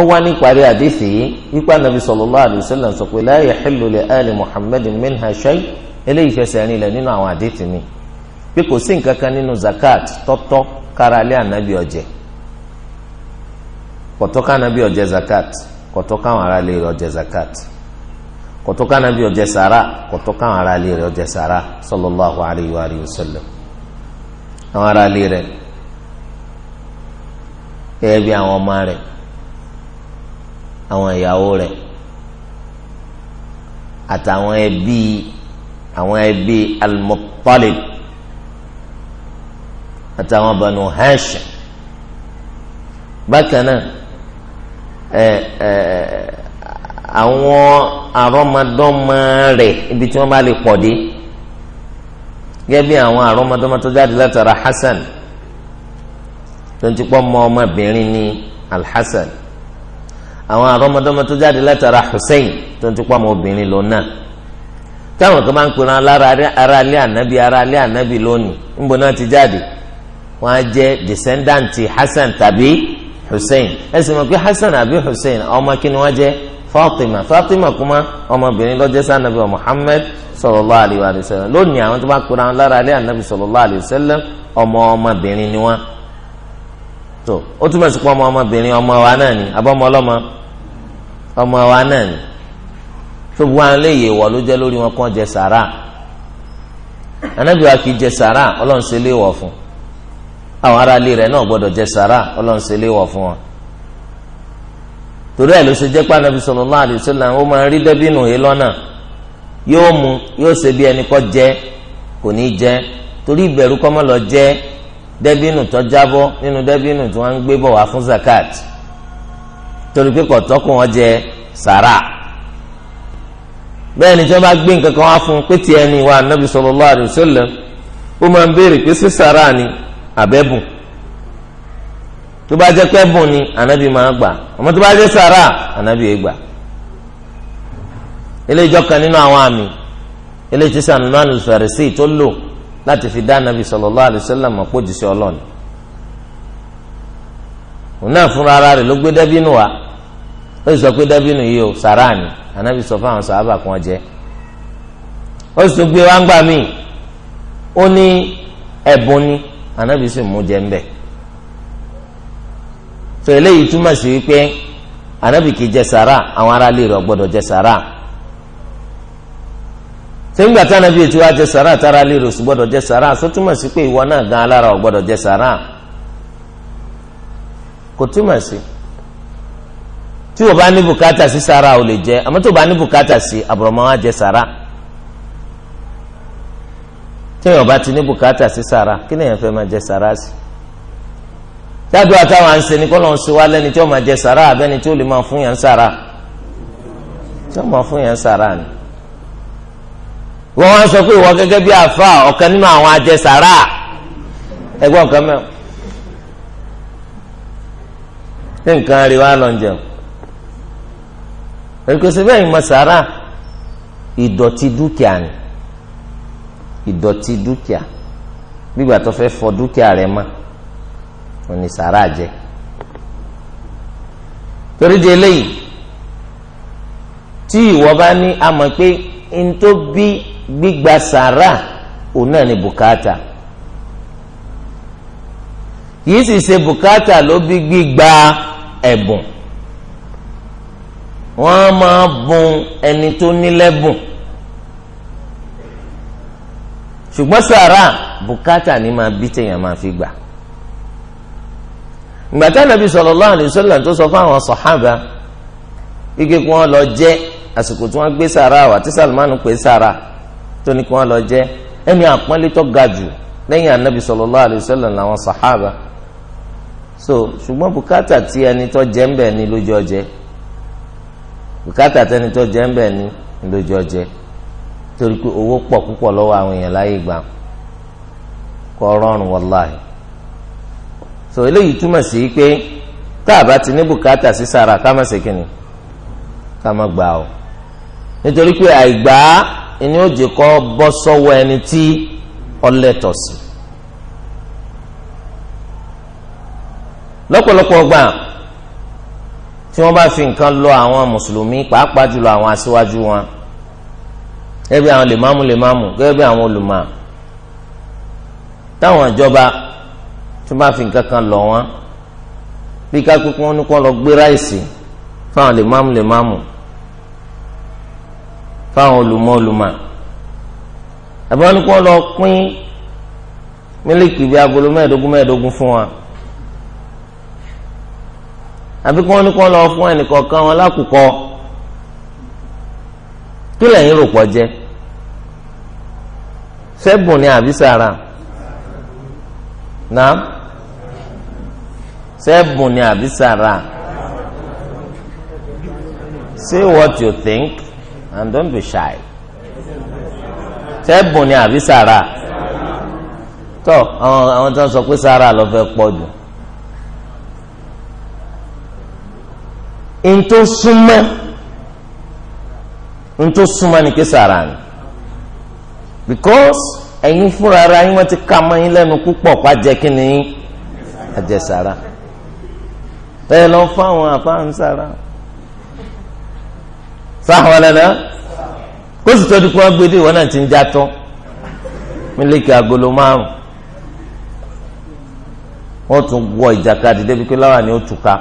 ó wá ní ìparí àdéhìí yìí wípé anabi sallallahu alayhi wa sallam sọ pé la yahillu li ali muhammadin minha shay eléyìí fẹsẹ̀ rìn lẹ̀ nínú àwọn àdéhìí mi pé kò sí nǹkan kan nínú zakat tọ́tọ́ kára lé anabi ọ̀jẹ̀ kọ̀tọ́ ká anabi ọ̀jẹ̀ zakat kọ̀tọ́ káwọn ará lè ọ̀jẹ̀ zakat kọ̀tọ́ anabi ọ̀jẹ̀ sàrà kọ̀tọ́ káwọn ará lè ọ̀jẹ̀ sàrà sallallahu àwọn ará lè rẹ̀ àwọn ìyàwó rẹ̀ àtàwọn ẹbí àwọn ẹbí al àtàwọn Banu Hashim bákan náà ẹ ẹ àwọn àrọmọdọ́mọ rẹ̀ ibi tí wọ́n bá lè pọ̀ dé gẹ́gẹ́ bí àwọn àrọmọdọ́mọ tó jáde látara Hasan tó ń ti pọ́ mọ́ ọmọbìnrin ní al àwọn àrọmọdọ́mọ tó jáde látara Hussein tó ń tipa ọmọ obìnrin lọ náà táwọn kan máa ń pera lára ara ilé ànábì ara ilé ànábì lónìí níbo náà ti jáde wọn á jẹ descendant Hassan tàbí Hussein ẹ sì mọ̀ pé Hassan àbí Hussein ọmọ kí ni wọ́n jẹ́ Fatima Fatima kuma ọmọbìnrin lọ́jọ́ sí ànábì Muhammad sallallahu alayhi wa sallam lónìí àwọn tó bá pera lára ilé ànábì sallallahu alayhi wa sallam ọmọ ọmọbìnrin ni wọ́n tó ó túmọ̀ sí pé ọmọ ọmọbìnrin ọmọ wa náà ni àbọ̀mọ́ ọmọ wa náà ni tó bu wọn lè yè wọ ló jẹ lórí wọn kàn jẹ sàrà anábìwá kì í jẹ sàrà ọlọ́run ṣe lè wọ̀ fún àwọn ará ilé rẹ̀ náà gbọ́dọ̀ jẹ sàrà ọlọ́run ṣe lè wọ̀ fún wọn torí ẹ̀ ló ṣe jẹ́ pé anabi sallallahu alaihi wasallam ó máa rí dẹ́bìnù yìí lọ́nà yóò mu yóò ṣe bí ẹni kọ́ jẹ kò ní jẹ torí ìbẹ̀rù kọ́mọ́ lọ jẹ dẹ́bìnù tó jábọ́ nínú dẹ́bìnù tí wọ́n ń gbé bọ̀ wá fún zakat torí pé kọ̀tọ́kùn wọn jẹ sàrà bẹ́ẹ̀ ni tí wọ́n bá gbé nǹkan kan wá fún pé tiẹ̀ ni wa anabi sallallahu alaihi wasallam ó máa ń béèrè pé sí sàrà ni àbẹ́bùn tó bá jẹ́ pẹ́bùn ni anabi máa gbà àmọ́ tó bá jẹ́ sàrà anabi yẹn gbà eléyìí jọ́kan nínú àwọn àmì eléyìí tí Salman tó lò láti fi dá anabi sallallahu alaihi wasallam mọ̀ pé sí ọlọ́ọ̀ni. òun náà fúnra ara rẹ̀ ló gbé dẹ́bínú wa ó sì sọ pé dẹ́bínú yìí o sàrà ni sọ fáwọn sàábà kan jẹ ó sì gbé wá ni sì mú jẹ ńbẹ tó eléyìí túmọ̀ sí wípé ànábì kì í jẹ sàrà àwọn aráàlú jẹ sàrà tí jẹ sàrà tára lè sí jẹ sàrà kò túmọ̀ sí tí o bá ní bùkátà sí sàrà o lè jẹ àmọ́ tó o bá ní bùkátà sí àbùrọ̀mọ́ wa jẹ sàrà tí o bá ti ní bùkátà sí sàrà kí ni èèyàn fẹ́ máa jẹ sàrà sí dájú àtàwọn à ń ṣe ní kọ́ ló ń ṣe wá lẹ́ni tí ó máa jẹ sàrà àbẹ́ni tí ó lè máa fún yàn sàrà tí ó máa fún yàn sàrà ni wọ́n wá sọ pé ìwọ gẹ́gẹ́ bí àfa ọ̀kan nínú àwọn ajẹsàrà ẹ̀gbọ́n kan mẹ́wàá ṣé nǹkan rí wa lọ ń jẹun èkóso bẹ́ẹ̀ ìmọ̀ sàrà ìdọ̀tí dúkìá ni ìdọ̀tí dúkìá gbígbà tó fẹ́ fọ dúkìá rẹ̀ mọ́ òní sàrà jẹ́ torí di eléyìí tí ìwọ bá ní a mọ̀ pé n tó bí gbígba sàrà òun náà ni bùkátà yìí sì ṣe bùkátà ló bí gbígba. ẹ̀bùn wọ́n á máa bùn ẹni tó nílẹ́bùn ṣùgbọ́n sàrà bùkátà ni máa bí téèyàn máa fi gbà gbàtà nàbí sallallahu alaihi wasallam tó sọ fáwọn sọhábà kí lọ jẹ àsìkò tí wọn gbé sàrà wà tí Salmanu pè sàrà tó ní kí lọ jẹ ẹni àpọ́nlé tó ga jù lẹ́yìn ànábì làwọn so ṣùgbọ́n bùkátà tí ẹni tó jẹ́ ń bẹ̀ ni lójú ọjẹ́ bùkátà tí ẹni tó jẹ́ ń bẹ̀ ni lójú ọjẹ́ torí pé owó pọ̀ púpọ̀ lọ́wọ́ àwọn èèyàn láyé gbà kọ́ rọrùn wàláhì so eléyìí túmọ̀ sí pé tá a bá ti ní bùkátà sí sàrà ká má ṣe kìnnì ká má gbà o nítorí pé àìgbà ni ó jẹ́ kó bọ́ sọ́wọ́ ẹni tí ọlẹ́tọ̀ sí i. lọ́pọ̀lọpọ̀ gbà tí wọ́n bá fi nǹkan lọ àwọn mùsùlùmí pàápàá jùlọ àwọn aṣíwájú wọn gẹ́gẹ́ bí àwọn lèmáàmù lèmáàmù gẹ́gẹ́ bí àwọn olùmọ̀ táwọn ìjọba tí wọ́n bá fi nǹkan kan lọ wọn bí kápẹ́ kí wọ́n ní kó lọ gbé ráìsì fáwọn lèmáàmù lèmáàmù fáwọn olùmọ̀ olùmọ̀ àbí wọ́n ní kó lọ pín mílíkì bíi agolo mẹ́ẹ̀ẹ́dógún mẹ́ẹ̀ẹ́dógún fún wọn àbí kí wọ́n ní kí wọ́n lọ fún ẹnìkọ̀ọ̀kan wọn lákòókò kí lẹ́yìn rò pọ̀ jẹ́ sẹ́bùn ni àbí sàrà náà sẹ́bùn ni àbí sàrà say what you think and don't be shy sẹ́bùn ni àbí sàrà tọ́ àwọn tó ń sọ pé sàrà ló fẹ́ pọ̀ jù. ntó súnmọ́ ntó súnmọ́ ni késàrà ni because ẹ̀yin fúnra ara yín wọ́n ti ka mọ́ yín lẹ́nu púpọ̀ pàjẹ́ kí ni yín àjẹsára bẹ́ẹ̀ lọ fáwọn àfáànsára sáwọn lẹ́nà kó sì tọ́jú pé wọ́n gbé dé ìwọ náà ti ń já tán mílíkì agolo márùn-ún tún wọ ìjàkadì débi pé láwa ni ó túká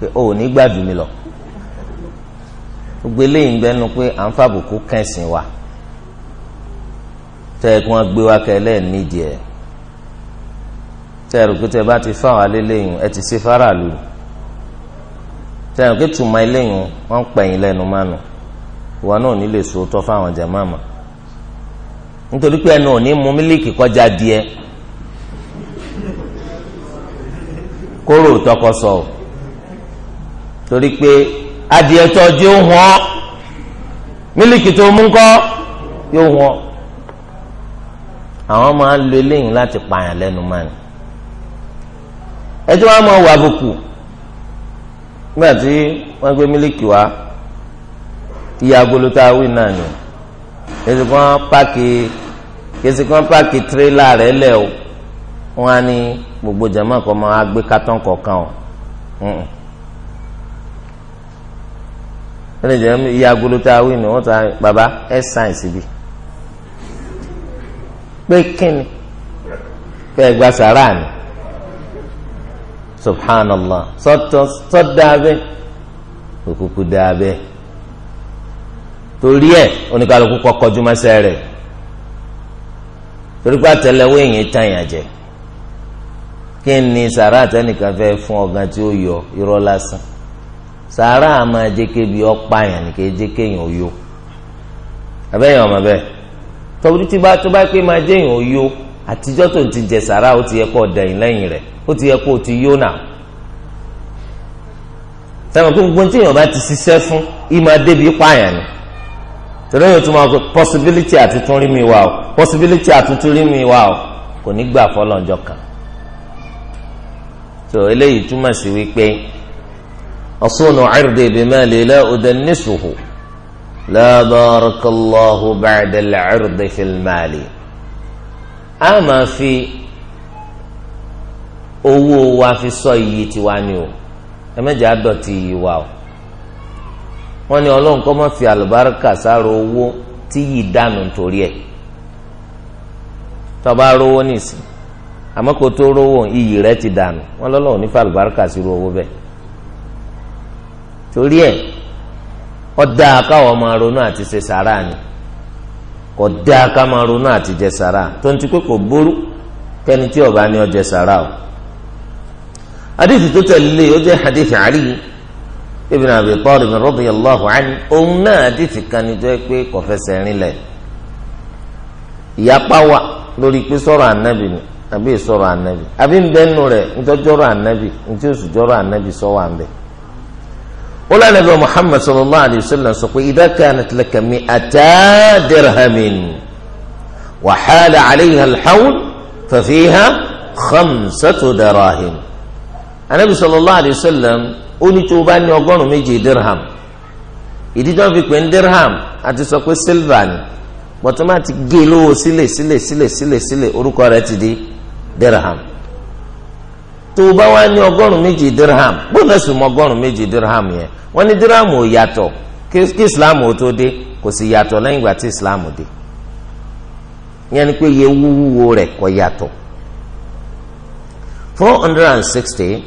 pé o ò ní gbàdùn mi lọ gbogbo eléyìí ń gbẹnu pé à ń fàbùkù kẹsìn wa tẹ kí wọn gbé wa kẹlẹ nídìí ẹ tẹ rò pé tẹ bá ti fáwọn aléléyìn ẹ ti ṣe faraàlú tẹ rò pé tùmọ̀ eléyìn wọn pẹ̀yìn lẹ́nu mánu ìwọ náà ò ní fáwọn jẹ̀ nítorí pé ẹnu ò ní mu mílíkì kọjá díẹ̀ kóró tọkọ sọ o torí pé adìẹ tọ́jú ó hàn mílíkì tó mú kọ́ yóò hàn àwọn máa ń lo eléyìí láti pààyàn lẹ́nu máa ní ẹ tí wọ́n máa wà àbùkù nígbà tí wọ́n gbé mílíkì wá iye agolo tá a wí náà ni kesi kan paaki kesi kan paaki tirela rẹ lẹ o wọn á ní gbogbo jama kọ máa gbé kátán kọ̀ọ̀kan o ẹni jẹ iye agolo tá a ni wọn ta baba ẹ sáyẹnsì bi pé kíni pé ẹgbà sàrà ni subhanallah sọtọ sọdáàbẹ òkùnkùn dáàbẹ torí ẹ oníkàlùkù kọkọ jùmọ̀sẹ̀ rẹ̀ torí pé àtẹlẹwọ́ èèyàn tàn jẹ kí ni sàrà àtẹnìkan fẹ́ fún ọ̀gá tí ó yọ irọ́ lásán sàárà àmà jẹ́kẹ́ bí ọ̀pá yẹn ni kẹ́ jẹ́kẹ́ yẹn òyò abẹ́yẹn ọmọ bẹ́ẹ̀ tọ́wọ́dún tí bá tó bá pé máa jẹ́ yẹn òyò àtijọ́ tó ti jẹ sàárà ó ti yẹ kó dẹ̀yìn lẹ́yìn rẹ̀ ó ti yẹ kó ti yó nà sẹ́wọ̀n pé gbogbo tí bá ti ṣiṣẹ́ fún ìmọ̀ débi pààyàn ni torí èèyàn tún máa kó possibility àtúntún rí mi wá o possibility àtúntún rí mi wá o kò ní gbà fọlọ́njọ kan so eléyìí túmọ̀ sí wípé. أصون عرضي بمالي لا أدنسه لا بارك الله بعد العرض في المال أما في owó wa fi sọ iyì tiwa ni o ẹ mẹjọ adọ̀tí iyì wa o wọn ní Ọlọ́run kọ́ mọ́ fi àlùbáríkà sára owó tí yìí dànù torí ẹ̀ tọba rówó nìsín àmọ́ kó tó rówó iyì rẹ̀ ti dànù wọn lọ́lọ́run ní fi àlùbáríkà sí owó bẹ́ẹ̀ torí ẹ̀ ọ káwọn máa ronú àti ṣe sàrà ni ọ̀dà ká máa ronú àti jẹ sàrà ti pé kò burú tí ọba ni jẹ sàrà o hadith tó tẹ̀lé ó jẹ́ hadith Ali ibn Abi Talib radiyallahu anhu òun náà hadith kan ni na pé kò fẹsẹ̀ rin lẹ̀ ìyapa wà lórí pé sọ̀rọ̀ ànábì ni àbí ànábì àbí rẹ̀ ànábì sọ ọlọ́ọ̀nà bíi muhammad sallallahu alayhi wa sallam sọ pé idha kanat laka mi'ata dirhamin wa hala alayha al-hawl fa fiha khamsatu darahim anabi sallallahu alayhi wa sallam ó ní tó o bá ní ọgọ́rùn méjì dirham ìdí tó ń fi pè ń dirham àti sọ pé silva ni bọ́tọ́ e máa sílẹ̀ sílẹ̀ sílẹ̀ sílẹ̀ orúkọ rẹ̀ ti di dirham tó o bá wá ní ọgọ́rùn-ún méjì dirham bóńdà sì mọ ọgọ́rùn-ún méjì dirham yẹn wọ́n ní dirham ò yàtọ̀ kí islam ò tó dé kò sì yàtọ̀ lẹ́yìn ìgbà tí islam dé yẹn ni pé iye wúwo rẹ̀ kò yàtọ̀ four hundred and sixty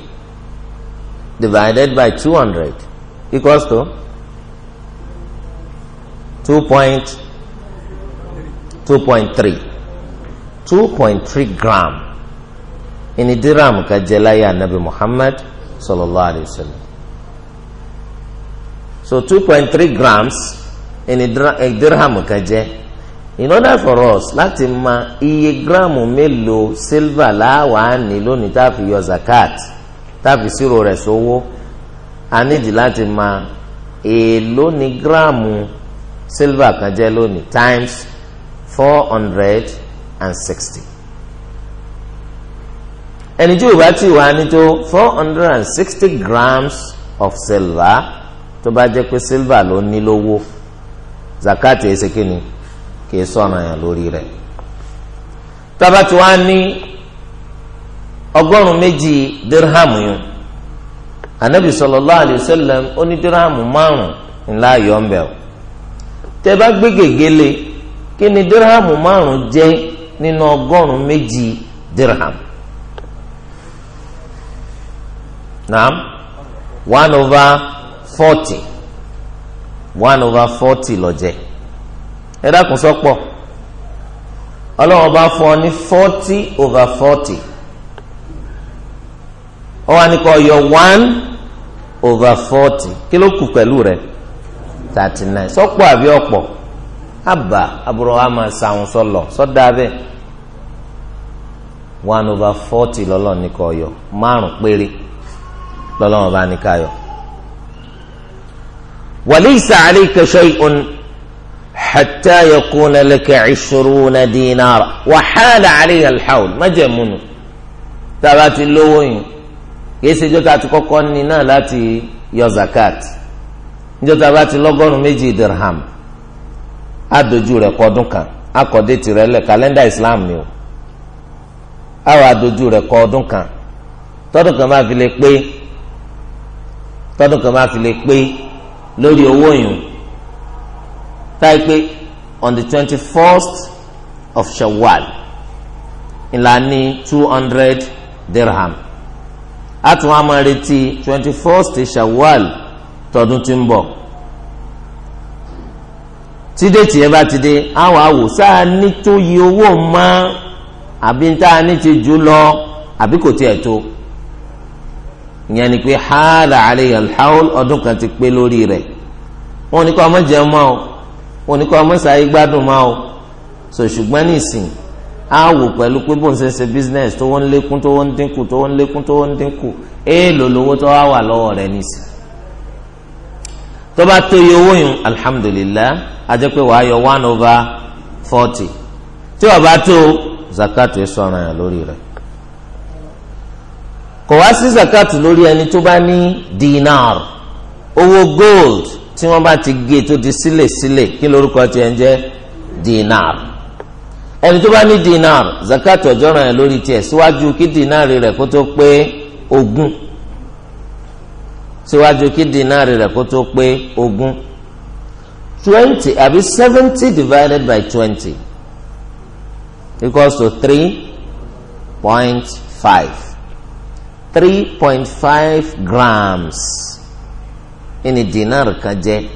divided by two hundred equals to two point two point three two point three gram ìní dírámù kan jẹ láyé anabi muhammad sallallahu alayhi wa so 2.3 grams ìní dírámù kan in order for us láti mọ iye gíráàmù mélòó sílvà láwàá ní lónìí tá a fi yọ zakat tá a fi ṣírò rẹ̀ sówó a nídìí láti mọ èèló ní gíráàmù sílvà kan jẹ́ lónìí times four hundred and sixty ẹni tí ó bá ti wà ní tó four hundred and sixty grams of silver tó bá jẹ́ pé silver ló ní lówó zakat ẹsẹ kìíní kìí sọ̀rọ̀ yàn lórí rẹ̀ tába tí wàá ní ọgọ́rùn méjì dirhamu yìí anabi sallallahu alayhi sallam ó ní dirhamu márùn ńlá yọ ń bẹ o tẹ́ bá gbé gègéle kí ni dirhamu márùn jẹ́ nínú ọgọ́rùn méjì dirham. naam one over forty one over forty lọ́jẹ́ ẹ dákun sọ́pọ̀ ọlọ́wọ́n bá fún ọ ní forty over forty ọ wá ní kó yọ one over forty kí ló kù pẹ̀lú rẹ̀ thirty nine sọ́pọ̀ àbí ọ̀pọ̀ àbá wa lọ́lọ́wọ́n bá ní káyọ̀. walaysa alayka shay'un hatta yakuna laka ishruna dinara wa hala alayha alhawl májẹ̀múnu tàbá ti lówó yìí kìí ṣe jọ́ta ti kọ́kọ́ ní náà láti yọ zakat níjọ́ta bá ti lọ́gọ́rùn méjì dirham àdójú rẹ̀ kọ́dún kan akọ̀dé tirẹ̀ lẹ̀ kàlẹ́ndà islam ni o àwọn àdójú rẹ̀ kọ́dún kan tọ́dún kan máa fi lè pé tọdún kan bá fi lè pé lórí owó yìí táì pé on the twenty first of Shawwal ìlànà two hundred dirham a tún wá máa retí twenty first Shawwal tọdún tí ń bọ̀ tídé tìyẹ bá ti dé àwọn àwò sáà ní tó yí owó mọ́ àbí tá a ní ti jù lọ àbí kò tiẹ̀ tó ìyẹn ni pé hàlà àlẹyà alhaul ọdún kan ti pé lórí rẹ̀ wọn ní kó ọmọ jẹun máa o wọn ní kó ọmọ sàáyé gbádùn máa o so ṣùgbọ́n ní ìsìn á wò pẹ̀lú pé bó ń ṣe ṣe business tó wọ́n ń lékún tó wọ́n ń dínkù tó wọ́n ń lékún tó wọ́n ń dínkù èèlò lówó tó wá wà lọ́wọ́ rẹ̀ nìsín tó bá tó iye owó yun alhamdulilah a jẹ́ pé wàá yọ one over forty tí ó bá tó zakat sọ̀ràn yàn lórí rẹ̀ kò wá sí zakatu lórí ẹni tó bá ní dinar owó gold tí wọ́n bá ti gé tó di sílẹ̀ sílẹ̀ kí lórúkọ tiẹ̀ ń jẹ́ dinar ẹni tó bá ní dinar zakatu ọjọ́ ràn yẹn lórí tiẹ̀ síwájú kí dinar rẹ̀ kó tó pé ogún síwájú kí dinar rẹ̀ kó tó pé ogún twenty àbí seventy divided by twenty equals to three point five three point five grams ní dinar kan jẹ́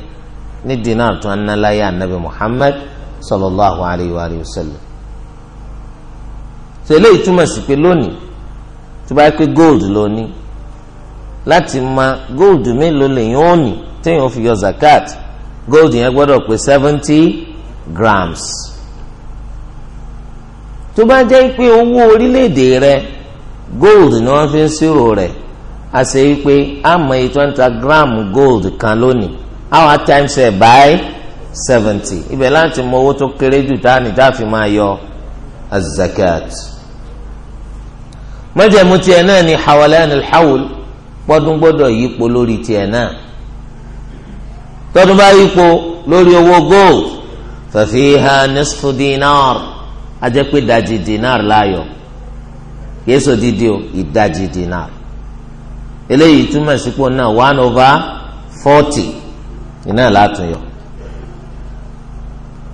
ní dinar tó ń náláyà anabi muhammad sallallahu alayhi wa sallam tẹ̀lé ìtumọ̀ sí pé lónìí tó bá pé gold lónìí láti ma gold mélòó lèyìn ó ní téèyàn fi yọ zakat gold yẹn gbọ́dọ̀ pé seventy grams tó bá jẹ́ pé owó orílẹ̀-èdè rẹ̀ gold ni wọ́n fi ń ṣírò rẹ̀ a ṣe yí pé a mọ iye twenty gram gold kan lónìí our times ẹ̀ by seventy ibẹ̀ láti mọ owó tó kéré jù tá a nìta fi máa yọ azakat mọ́jẹ̀mú tiẹ̀ náà ni hawalan alhawl pọ́dún gbọ́dọ̀ yípo lórí tiẹ̀ náà tọ́dún bá yípo lórí owó gold fàfihàn nisfu dinar a jẹ́ pé dajì dinar láàyò yéésù dídí o ìdajì dinar eléyìí túmọ̀ sípò náà one over forty iná látúnyọ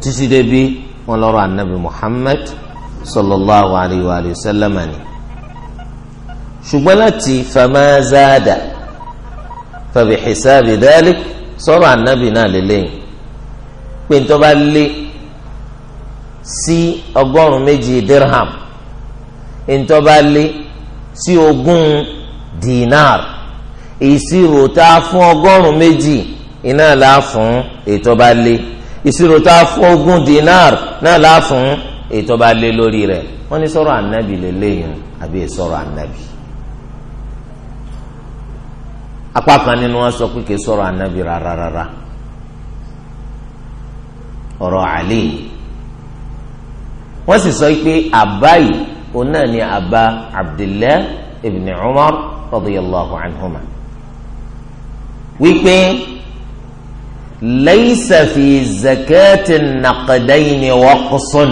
títí débi wọn lọ́rọ̀ anabi muhammed sallallahu alayhi wa sallam ni ṣùgbọ́n láti famazada fàbí xisaabi dalik sọ̀rọ̀ anabi náà lélẹ́yìn pé n tó lé sí ọgọ́rùn-ún méjì dirham ntọ́ba lé sí ogún dinar ìṣirò tá a fún ọgọ́rùn-ún méjì iná là á fún ètọ́ba lé ìṣirò tá a fún ogún dinar náà là á fún ètọ́ba lé lórí rẹ̀ wọ́n ní sọ̀rọ̀ ànábì lélẹ́yìn àbí sọ̀rọ̀ ànábì apá kan nínú wọn sọ pé kì í sọ̀rọ̀ ànábì rárá ọ̀rọ̀ àlè wọ́n sì sọ pé àbáyìí òun náà ni àbá abdullahi ibn umar radiyallahu anhuma wípé laysa fi zakati naqdayni waqsun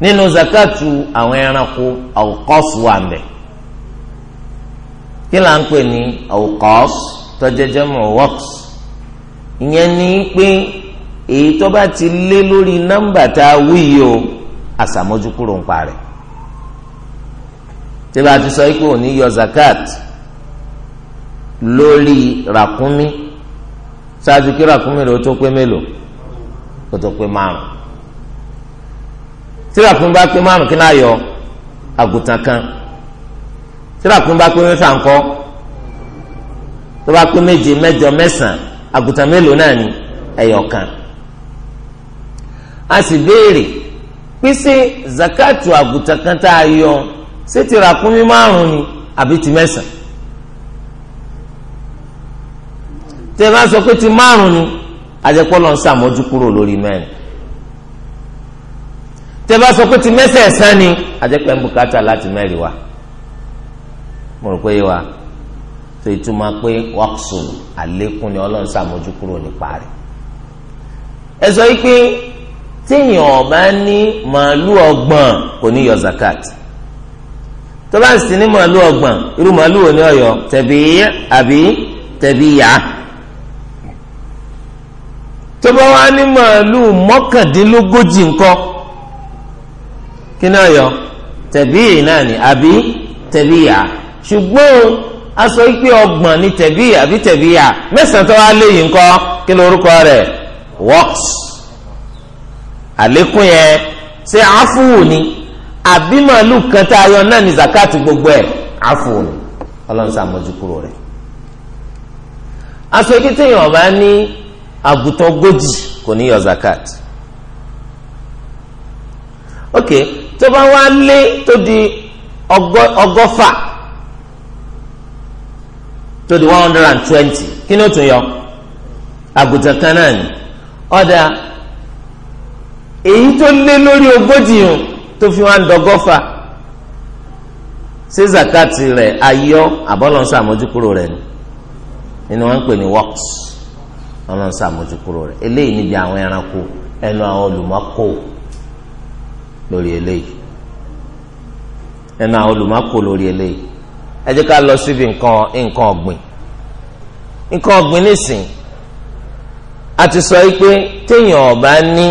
nínú zakatu àwọn ẹranko awqas wà mbẹ kí là ń pè ní awqas tó jẹ́ jamu waqs ìyẹn ni pé èyí tó bá ti lé lórí nọ́mbà tá a wí yìí o àṣàmójúkúrò ń pa rẹ̀ tí bá a ti sọ pé òní yọ zakat lórí ràkúnmí ṣáájú kí ràkúnmí rẹ̀ ó tó pé mélòó ó tó pé márùn tí ràkúnmí bá pé márùn kí náà yọ àgùntàn kan tí ràkúnmí bá pé mẹ́fà ńkọ́ tó bá pé méje mẹ́jọ mẹ́sàn àgùntàn mélòó náà ni ẹyọ kan a sì béèrè pèsè zakatu àgùntàn kan tá a yọ ṣé ti ràkúnmí márùn ni àbí ti mẹ́sàn tẹ bá sọ pé ti márùn ni àjẹpọlọ ń sàmójú kúrò lórí mẹ́rin tẹ bá sọ pé ti mẹ́sẹ̀ẹ̀sán ni àjẹpẹ ń bùkátà láti mẹ́rin wa mo rò pé yé wa tó ìtumọ̀ pé wàásù àlékún ni ọlọ́run sàmójú kúrò nípa rẹ̀ ẹ sọ yìí pé. téèyàn ọba ní màálù ọgbọ̀n kò ní yọ zakat tó ní màálù ọgbọ̀n irú màálù wo ni ọyọ tẹbi àbí tẹbi yá tó bá ní màálù mọ́kàndínlógójì ńkọ́ kí ni ọyọ tẹ̀bí náà ni àbí tẹ̀bí yá ṣùgbọ́n aṣọ ìpè ọgbọ̀n àbí àlékún yẹn ṣé àfùwù ni àbí kan tá a yọ náà gbogbo ẹ̀ àfùwù ni ọlọ́run sàmójú kúrò rẹ̀ aṣọ ọba ní àgùntàn ogójì kò ní yọ zakati ok tó bá wá lé tó di ọgọ́fà tó di one hundred and twenty kí ni yọ kan náà èyí tó lé lórí ogójì yùn tó fi wá ń dọgọ́fà ṣé zakati rẹ̀ ayọ́ àbọ̀lọ́nsá àmójúkúrò rẹ̀ ni nínú wọn ń pè ní works ọlọ́nsá àmójúkúrò rẹ̀ eléyìí níbi àwọn ẹranko ẹnu àwọn olùmọ́kò lórí eléyìí ẹnu àwọn olùmọ́kò lórí eléyìí ẹ jẹ́ ká lọ síbi nǹkan ọ̀gbìn nǹkan ọ̀gbìn nísìn àti sọ yìí pé téèyàn ọ̀bá ní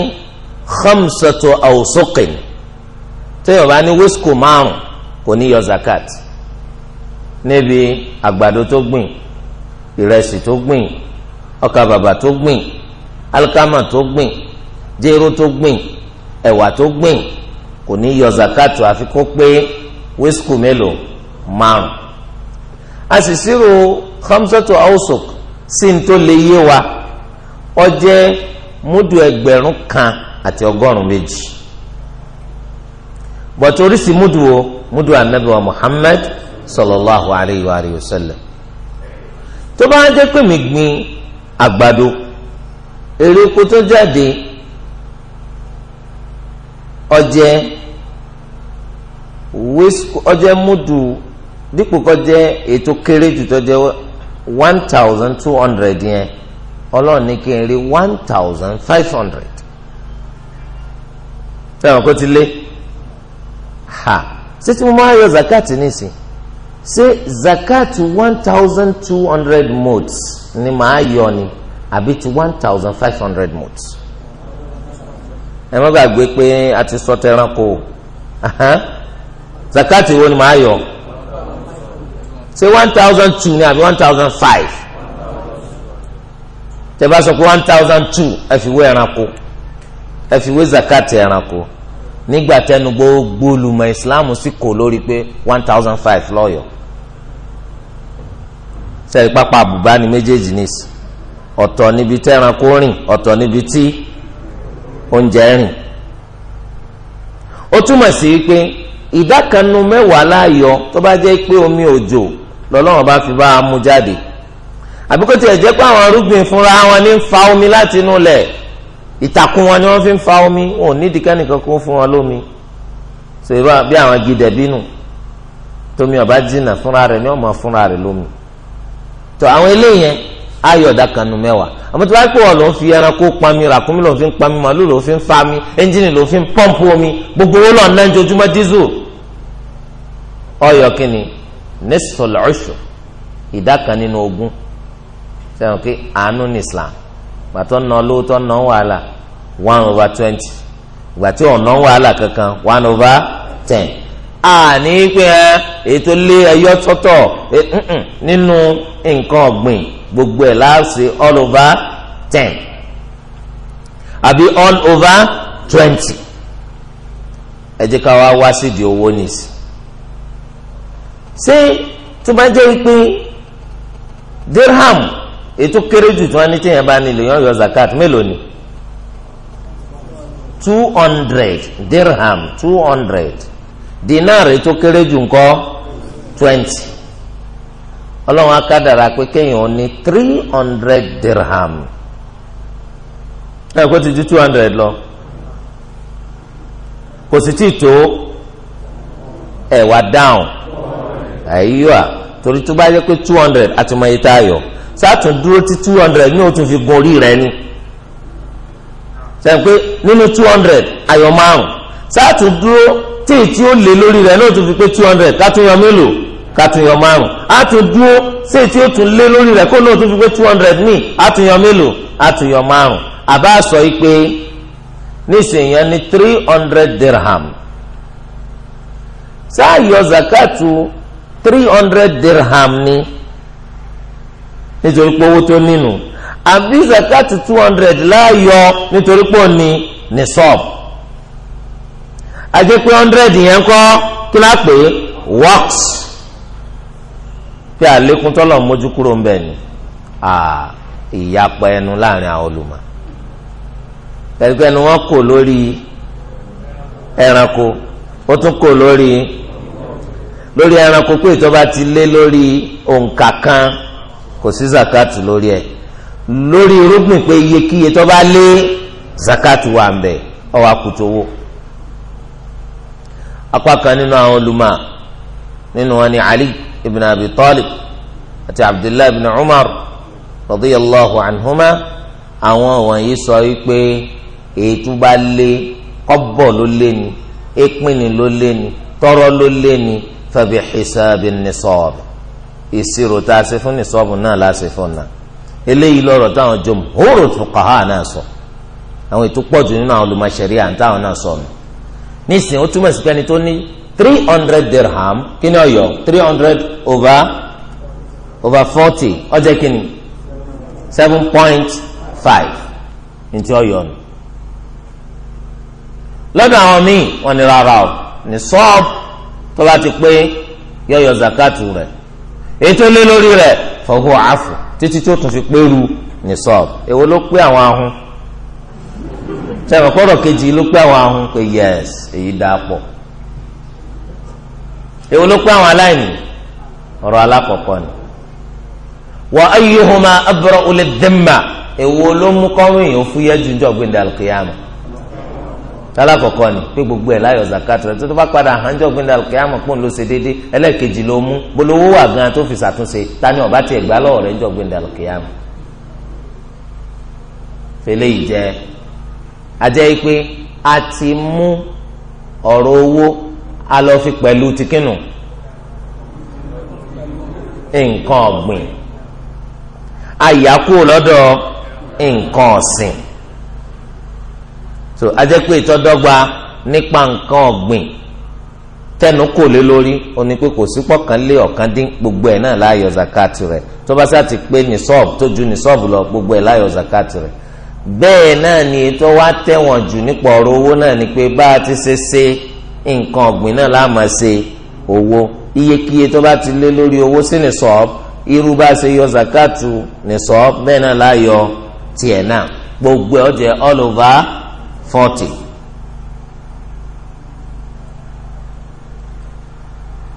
khamsatu awsuqin téèyàn bá ní wíṣkù márùn kò ní yọ zakat níbi àgbàdo tó gbìn ìrẹsì tó gbìn ọkà bàbà tó gbìn alikama tó gbìn jéró tó gbìn ẹ̀wà tó gbìn kò ní yọ zakat àfi kó pé wíṣkù mélòó márùn a sì ṣírò sí ní tó lè yé wa ó jẹ́ múdù kan àti ọgọ́rùn méjì bọ̀tí oríṣi múdù o múdù anabi wa muhammed sallallahu alayhi wa alayhi wa sallam tó bá jẹ́ pé mi gbin àgbàdo èrè oko tó jáde ọjẹ ọjẹ múdù dípò kọjẹ ètò kéré jù tó one thousand two hundred yẹn ọlọ́ọ̀ni kí n rí one thousand five hundred fẹ́ràn kó ti lé ha ṣé tí mo máa yọ zakat nísìn ṣé zakat one thousand two hundred modes ni màá yọ ni àbí ti one thousand five hundred modes ẹ má gbàgbé pé a ti sọ tẹranko zakat wo ni màá yọ ṣé one thousand two ni àbí one thousand five tẹ bá sọ pé one thousand two ẹ fi wé ẹranko ẹ fi wé zakat ẹranko nígbà tẹnu gbogbo olùmọ̀ islam sì kò lórí pé one thousand five lọ́yọ̀ sẹ́yìn pápá àbùbá ni méjèèjì nìsí ọ̀tọ̀ níbi tí ẹranko rìn ọ̀tọ̀ níbi tí oúnjẹ rìn ó túmọ̀ sí pé ìdá kan nu mẹ́wàá láàyò tó bá jẹ́ pé omi òjò lọ́lọ́run bá fi bá a mú jáde àbíkó tiẹ̀ jẹ́ pé àwọn arúgbìn fúnra wọn ní ń fa omi láti inú lẹ̀ ìtàkùn wọn ni wọn fi ń fa omi wọn ò nídìí kẹ́nìkan kún fún wọn lómi so irú bí àwọn igi dẹ̀bí nù tómi ọba jìnnà fúnra rẹ̀ ni wọn máa fúnra rẹ̀ lómi tó àwọn eléyìí yẹn ayọ̀ dakanu mẹ́wàá àmọ́ tí wọ́n á pè wọ́n ló ń fi ẹranko pami ràkúnmí ló ń fi pami màálù ló ń fa mi ẹ́ńjìnì ló ń pọ́ǹpù omi gbogbo owó lọ́ọ̀ náà jojúmọ́ dísù ọyọ̀ kìíní nisful ushr ìdá sẹ́wọ̀n pé àánú ní Islam gbàtọ́ nà lóòótọ́ nà wàhálà one over twenty gbàtí ọ̀nà wàhálà kankan one over ten àní pé ẹ ètò lé ẹyọ tọ́tọ̀ nínú nǹkan ọ̀gbìn gbogbo ẹ̀ láàṣì all over ten àbí all over twenty ẹ jẹ́ ká wá wá sídìí owó nìsí ṣé tó bá jẹ́ pé dirham ètò kéré jù tí wọ́n ní téèyàn bá nílò yọ̀ọ́ yọ zakat mélòó ni two hundred dirham two hundred dinar ètò kéré jù ńkọ́ twenty ọlọ́run akádàrà pé kéèyàn ó ní three hundred dirham ẹ̀ kó ti ju two hundred lọ kò sì tí tó down dáhùn àyíyọ́ à torí tó bá yẹ pé two hundred àti mọ̀ yìí tá sátún dúró tí two hundred ní o tún fi gun orí rẹ ni sẹ́yìn pé nínú two hundred ayọ̀ márùn sátún dúró tí tí ó lé lórí rẹ náà tún fi pé two hundred kátúnyọ mélòó kátúnyọ márùn átún dúró sí tí ó tún lé lórí rẹ kó náà tún fi pé two hundred míì átúnyọ mélòó átúnyọ márùn àbá sọ yìí pé nísìnyẹn ni three hundred dirham sáà yọ zakatu three hundred dirham ni nítorí pé owó tó nínú àbí zakati two hundred láàyò nítorí pé ó ní ní sọ́ọ̀b àti pé hundred yẹn kọ́ kí láà pé works pé àlékún tọ́lọ̀ mójú kúrò ń bẹ̀ ni ìyapa ẹnu láàrin àwọn olùmọ̀ ẹgbẹ́ ni wọ́n kò lórí ẹranko ó tún kò lórí lórí ẹranko pé ìjọba ti lé lórí òǹkà kan kò sí zakatu lórí ẹ̀ lórí irúgbìn pé iyekíye tó bá lé zakatu wà ń bẹ ọwọ́ akutowó apá kan nínú àwọn olùmọ̀ nínú wọn ni Ali ibn Abi Talib àti Abdullahi ibn Umar radiyallahu anhuma àwọn wọ̀nyí sọ wípé ètò bá lé kọ́bọ̀ ló lé ni ìpínlẹ̀ ló lé ni tọ́rọ́ ló lé ni fa bi hisabi ìṣirò tá a ṣe fún nìṣọ́ọ̀bù náà la ṣe fún náà eléyìí lọ́rọ̀ táwọn jumhuru fuqaha náà sọ àwọn ètò pọ̀jù nínú àwọn ulama sharia náà sọ nù nísìnyí ó túmọ̀ sí pé ẹni tó ní three hundred dirham kí ni ọ̀yọ́ three hundred over over forty ó jẹ́ kí ni seven point five ní ti ọ̀yọ́ nù lọ́dọ̀ àwọn míì wọ́n ní rárá o ní sọ́ọ̀bù tó bá ti pé yọ̀yọ̀ zakatu rẹ̀ ètò lé lórí rẹ̀ fọwọ́ àfọ̀ títí tó tún fi pẹ́rù ní sọ́ọ̀bù èwo ló pé àwọn ahun sẹ́wọ̀n kọ́rọ̀ kejì ló pé àwọn ahun pé yẹ́s èyí èwo ló pé àwọn aláìní ọ̀rọ̀ alákọ̀ọ́kọ́ ni wà ayyuhuma abra'u lidhimma èwo ló mú kọ́rùn-ún jù ń jọ lálàkọ̀kọ́ ni pé gbogbo ẹ̀ láyọ̀ zakat rẹ̀ tó tó bá padà àhánjọ́ gbẹ́ndà kíámọ̀ pọ́n ló ṣe déédé ẹlẹ́ẹ̀kejì ló mú bolówó wà gan tó fi ṣàtúnṣe tani ọ̀bá tiẹ̀ gbá lọ́wọ́ rẹ̀ ńjọ́ gbẹ́ndà kíámọ̀. fẹlẹ́ yìí jẹ́ ajẹ́ pé a ti mú ọ̀rọ̀ owó a lọ fi pẹ̀lú tìkínù nǹkan ọ̀gbìn àyàkú lọ́dọ̀ so ajẹ́ pé ìtọ́dọ́gba nípa nǹkan ọ̀gbìn tẹnu kò lé lórí oní pé kò sí pọ̀kan lé ọ̀kan dín gbogbo ẹ̀ náà láàyò zakati rẹ̀ tó bá sá ti pé ní sọ́ọ̀bù tó ju ní sọ́ọ̀bù lọ gbogbo ẹ̀ láàyò zakati rẹ̀ bẹ́ẹ̀ náà ni ètò wa tẹ̀wọ̀n jù nípa ọ̀rọ̀ owó náà ni pé bá a ti ṣe ṣe nǹkan ọ̀gbìn náà la máa ṣe owó iyekíye tó bá ti lé lórí owó sí ní sọ́ọ̀bù irú bá a ṣe yọ zakatu ní sọ́ọ̀bù bẹ́ẹ̀ náà láàyò tiẹ̀ náà gbogbo ẹ̀ all over forty.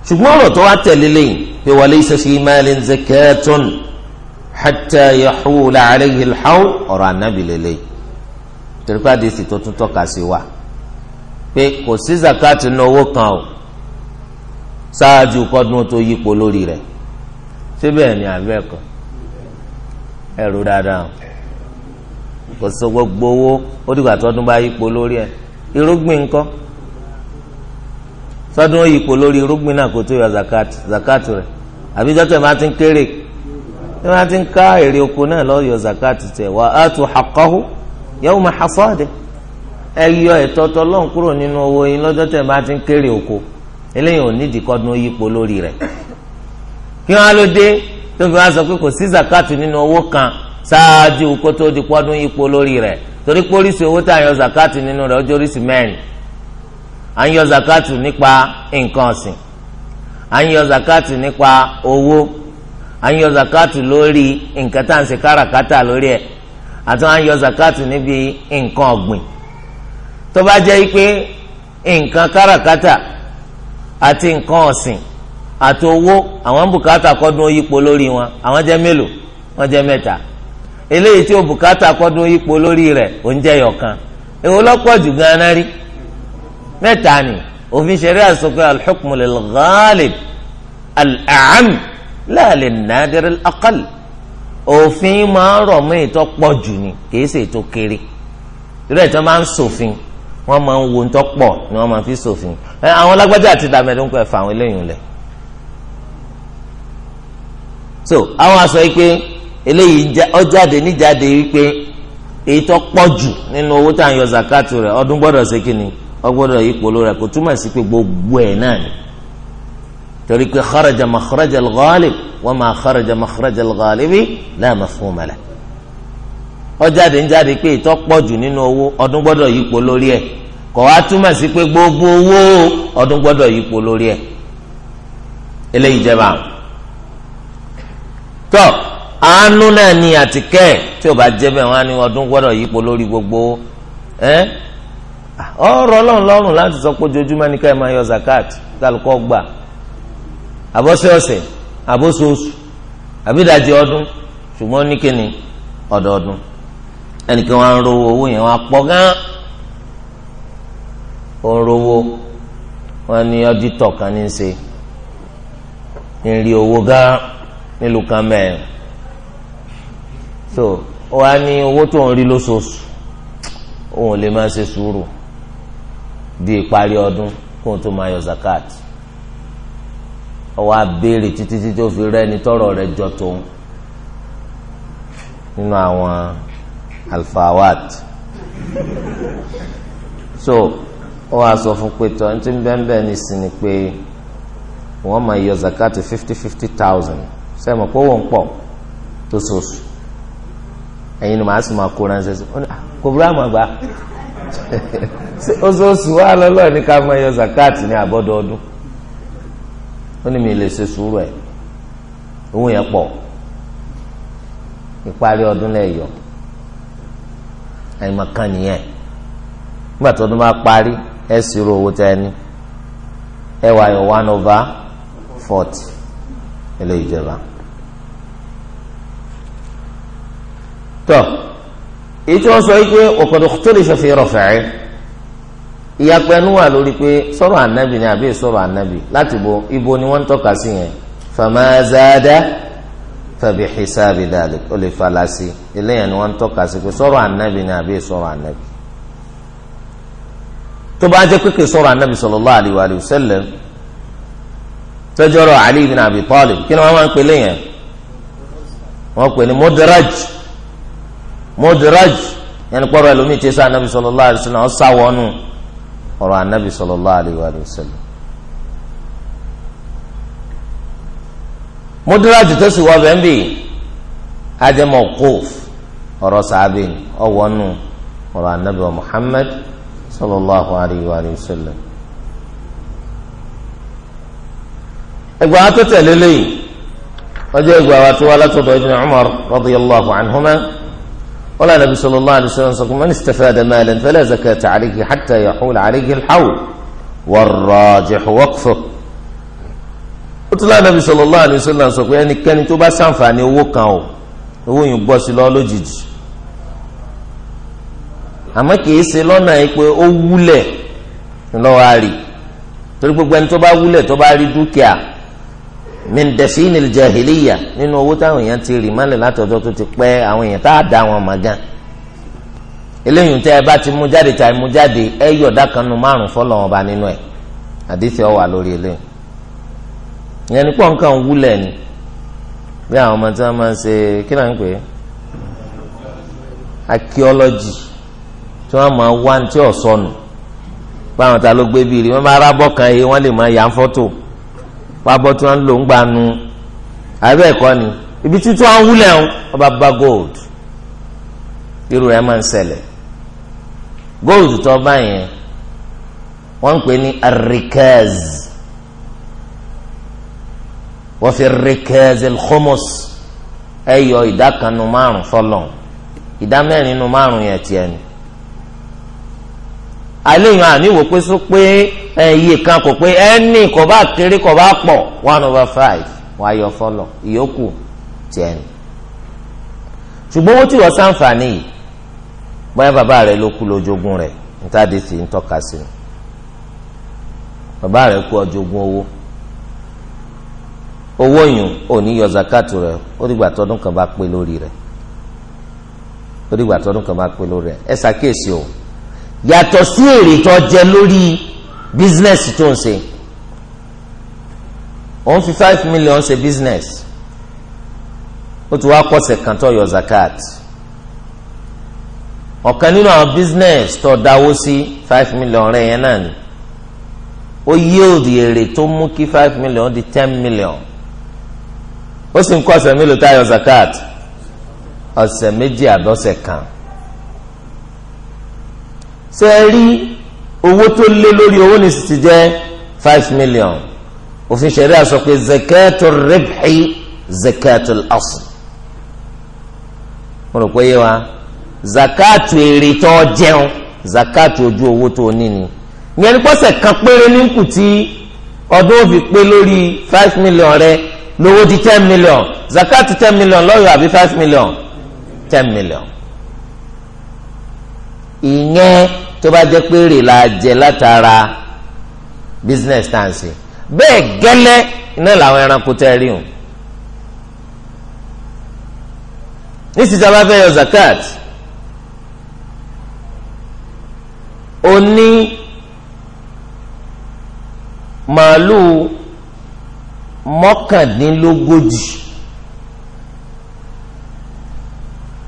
ṣùgbọ́n ọ̀rọ̀ tó wá tẹ̀lé lẹ́yìn pé walaysa fi malin zakatun hatta yahula alayhi al-hawl ọ̀rọ̀ ànábì lélẹ̀ torí pé àdìsí tó tọ́ka sí wa pé kò sí zakat ní owó kan o ṣáájú kọ́dún tó yípo lórí rẹ̀ síbẹ̀ ni àbẹ́ kan ẹ̀rù dáadáa kò sówó gbowó ó dìgbà tọdún bá yípo lórí ẹ irúgbìn ńkọ́ sọdún ó yípo lórí irúgbìn náà kò tó yọ zakat zakat rẹ àbí jọ́tẹ̀ máa ti ń kéré tí wọ́n ti ń ká èrè oko náà lọ́ọ́ yọ zakat tẹ̀ wá á tu haqqahu yawma hasade ẹ yọ ẹ̀tọ́ tọ́lọ́n kúrò nínú owó yín lọ́jọ́ tẹ̀ máa ti ń kéré oko eléyìí ò nídìí kọ́dún ó yípo lórí rẹ̀ kí wọ́n á ló tó fi wá sọ pé kò sí zakat nínú owó kan ṣáájú kó tó di pọ́dún ipò lórí rẹ̀ torí pólísì owó tá à ń zakatu nínú rẹ̀ ọjọ́ oríṣi mẹ́rin à ń yọ zakatu nípa nǹkan ọ̀sìn à ń yọ zakatu nípa owó à ń yọ zakatu lórí nǹkan tá à ń ṣe káràkátà lórí ẹ̀ àti à ń yọ zakatu níbi nǹkan ọ̀gbìn tó bá jẹ́ pé nǹkan eléyìí tí o bùkátà kọ́dún ipò lórí rẹ̀ ò ń jẹ́ yọ̀kan èwo lọ́pọ̀ jù gan-an rí mẹ́ta ni òfin ṣẹ̀ríà sọ pé al-hukmu lil-ghalib al-a'am la lin-nadir al-aqall òfin máa ń rọ̀ mọ́ ètò pọ̀ jù ni kìí ṣe ètò kéré ìrẹ́ ìtọ́ máa ń ṣòfin wọ́n máa ń wo ntọ́ pọ̀ ni wọ́n máa fi ṣòfin àwọn lágbájá àti dàmẹ́dùn kọ́ ẹ̀fà àwọn eléyìí lẹ̀ so àwọn aṣọ yìí eléyìí ọjáde níjáde wípé èyí tó pọ̀ jù nínú owó tá à ń yọ zakatu rẹ̀ ọdún gbọ́dọ̀ ṣe kí ni ọgbọ́dọ̀ yípo ló rẹ̀ kò túmọ̀ sí pé gbogbo ẹ̀ náà ni torí pé kharaja makhraja al-ghalib wa ma kharaja makhraja al-ghalibi la mafhuma lahu ọjáde níjáde pé èyí tó pọ̀ jù nínú owó ọdún gbọ́dọ̀ yípo lórí ẹ̀ kò wá túmọ̀ sí pé gbogbo owó ọdún gbọ́dọ̀ yípo lórí ẹ̀ eléyìí jẹba tọ́ àánú náà ni àtìkẹ́ tí ò bá jẹ́ bẹ́ẹ̀ wọ́n á ní ọdún gbọ́dọ̀ yípo lórí gbogbo ẹ́ ọ̀rọ̀ ọlọ́run lọ́rùn láti sọ pé ojoojúmọ́ ní ká máa yọ zakat kálukọ́ gbà àbọ̀sẹ̀ọ̀sẹ̀ àbọ̀sọ̀ọ̀sù àbídàjẹ́ ọdún ṣùgbọ́n ní kíni ọdọọdún ẹnìkan wọn ń rówó owó yẹn wọn pọ̀ gán ó ń rówó wọn ni ọdítọ̀ kan ní í ṣe ń rí owó gán nílùú kan mẹ́rin so wàá ní owó tó ń rí lóṣooṣù òun ò lè máa ṣe sùúrù di ìparí ọdún kó tó máa yọ zakat ọwọ́ abéèrè títí tí tó fi rẹ́ni tọrọ rẹ̀ jọ tóun nínú àwọn alfawat so ó wàá sọ fún pé tọ́ ní tí bẹ́ẹ̀ ní sí ni pé wọ́n máa yọ zakat fifty fifty thousand sẹ́mi pé wọ́n ń pọ̀ tó sọ̀sù ẹ̀yin ni màá sì máa kó ránṣẹ́ sí kò burú àmọ́ gbà oṣooṣù wa lọ́lọ́ ní ká máa yọ zakat ní àbọ̀dọ̀ọdún ó ní mi lè ṣe sùúrù ẹ̀ owó yẹn pọ̀ ìparí ọdún lẹ́yọ̀ ẹ̀yin máa kàn nìyẹn nígbà tó ọdún bá parí ẹ ṣírò owó tẹ́ ní ẹ yọ one over forty jẹba. tọ́ èyí tí wọ́n sọ yìí pé ọ̀pọ̀lọpọ̀ òkútórí ṣẹ̀fẹ̀ rọ̀fẹ̀ ìyapẹ́ ẹnu wà lórí pé sọ̀rọ̀ ànábì ni àbí sọ̀rọ̀ ànábì láti bo ibo ni wọ́n ń tọ́ka sí yẹn famazada tàbí hisabi dalik ó lè falasi eléyàn ni wọ́n ń sí pé sọ̀rọ̀ ànábì ni àbí sọ̀rọ̀ ànábì tó bá jẹ́ pé kì í sọ̀rọ̀ ànábì sallallahu alaihi wa sallam tọ́jọ́rọ̀ Ali bin Abi Talib kí ni wọ́n máa ń pè léyàn wọ́n pè ní mudraj mudraj yẹn kpọ́rọ̀ ẹlòmíì tí sá anabi sallallahu alaihi wasallam ọ̀sá wọnú ọ̀rọ̀ anabi sallallahu alaihi wasallam. mudraj tó sì wọ bẹ́ẹ̀ bì ajẹ́mọ̀ kóf ọ̀rọ̀ sàbìn ọ̀wọ́nú ọ̀rọ̀ anabi wa muhammad sallallahu alaihi wasallam. ẹgbẹ́ wa tó tẹ̀lé lẹ́yìn ọjọ́ ẹgbẹ́ wa tó wá látọ̀dọ̀ ibn umar radiyallahu anhuma. ولا النبي صلى الله عليه وسلم صلى من استفاد مالا فلا زكاة عليه حتى يحول عليه الحول والراجح وقفه وطلع النبي صلى الله عليه وسلم صلى يعني كان توبا سانفاني وكاو owó yìí bọ́ sí lọ lójijì àmọ́ kìí ṣe lọ́nà yìí pé ó wúlẹ̀ ńlọ́wọ́ àrì torí gbogbo ẹni tó bá wúlẹ̀ tó bá rí mẹndẹsí ni jahiliya nínú owó táwọn èèyàn ti rì mọ́lẹ̀ látọ̀dọ̀ tó ti pẹ́ àwọn èèyàn tá a dá wọn mọ̀ gan eléyìí tẹ́ ẹ bá ti mú jáde tàbí mú jáde ẹ yọ̀dá kan nu márùn fọlọ́ wọn ba nínú ẹ̀ àdìsí ọ wà lórí eléyìí ìyẹn ní pọ́ǹkan wúlẹ̀ ni bí àwọn ọmọ tí wọ́n máa ń ṣe kí náà ń pè é akiọ́lọ́jì tí wọ́n máa wá tí ò sọnù báwọn ta ló gbé bíi rí wọ́n máa rábọ̀ kan yìí wọ́n lè máa yà ń fọ́tò pábọ́ tí wọ́n ń lò ń gbanu àbẹ́ ẹ̀kọ́ ni ibi títí wọ́n ń wúlẹ̀ ń ọba bá gold irú rẹ̀ máa ń ṣẹlẹ̀ gold tó bá yẹn wọ́n ń pè ní arikaz wọ́n fi arikaz elkhomos ẹ yọ ìdá kan nu márùn fọlọ́n ìdá mẹ́rin nu márùn yẹn tiẹ̀ ni àléyìn àníwò pé sọ pé. ẹyẹ kan kò pé ẹni kò bá kéré kò bá pọ̀ one over five wàá yọ fọlọ ìyókù tiẹ̀ ṣùgbọ́n owó tí wọ́n sàǹfààní yìí bóyá bàbá rẹ̀ ló kú lójoogun rẹ̀ nítàdé sì ń tọ́ka sí i bàbá rẹ̀ kú ọjoogun owó owó yìí ò ní yọ zakatu rẹ̀ ó dìgbà tọdún kan bá pé lórí rẹ̀ ó dìgbà tọdún kan bá pé lórí rẹ̀ ẹ ṣàkíyèsí o yàtọ̀ sí èrè tó jẹ lórí Business tó ń ṣe òun fi five million ṣe business. ó ti wá kọ́sẹ̀ kan tó yọ zakat ọ̀kan nínú àwọn bísínẹ́sì tó dáwó sí five million rẹ̀ yẹn náà ni ó yield èrè tó mú kí five million di ten million ó sì ń kọ́sẹ̀ mélòó tá yọ zakat ọ̀sẹ̀ méjì àbọ̀sẹ̀ kan ṣe é owó tó lé lórí owó ní sì ti jẹ́ five million òfin ṣẹ̀ríà sọ pé zakatul ribhi zakatul asl mo rò pé yé wa zakatu èrè tó jẹun zakatu ojú owó tó ní ni ìyẹn ní pọ́sẹ̀ kan péré ní kù tí ọdún ó pé lórí five million rẹ lówó di ten million zakatu ten million lọ́yọ̀ àbí five million ten million ìyẹn tó bá jẹ́ pé èrè la jẹ látara business tá à ń ṣe bẹ́ẹ̀ gẹ́lẹ́ iná làwọn ẹranko tẹ́ rí hùn nísìsiyà bá fẹ́ yọ zakat oní màálùú mọ́kàndínlógójì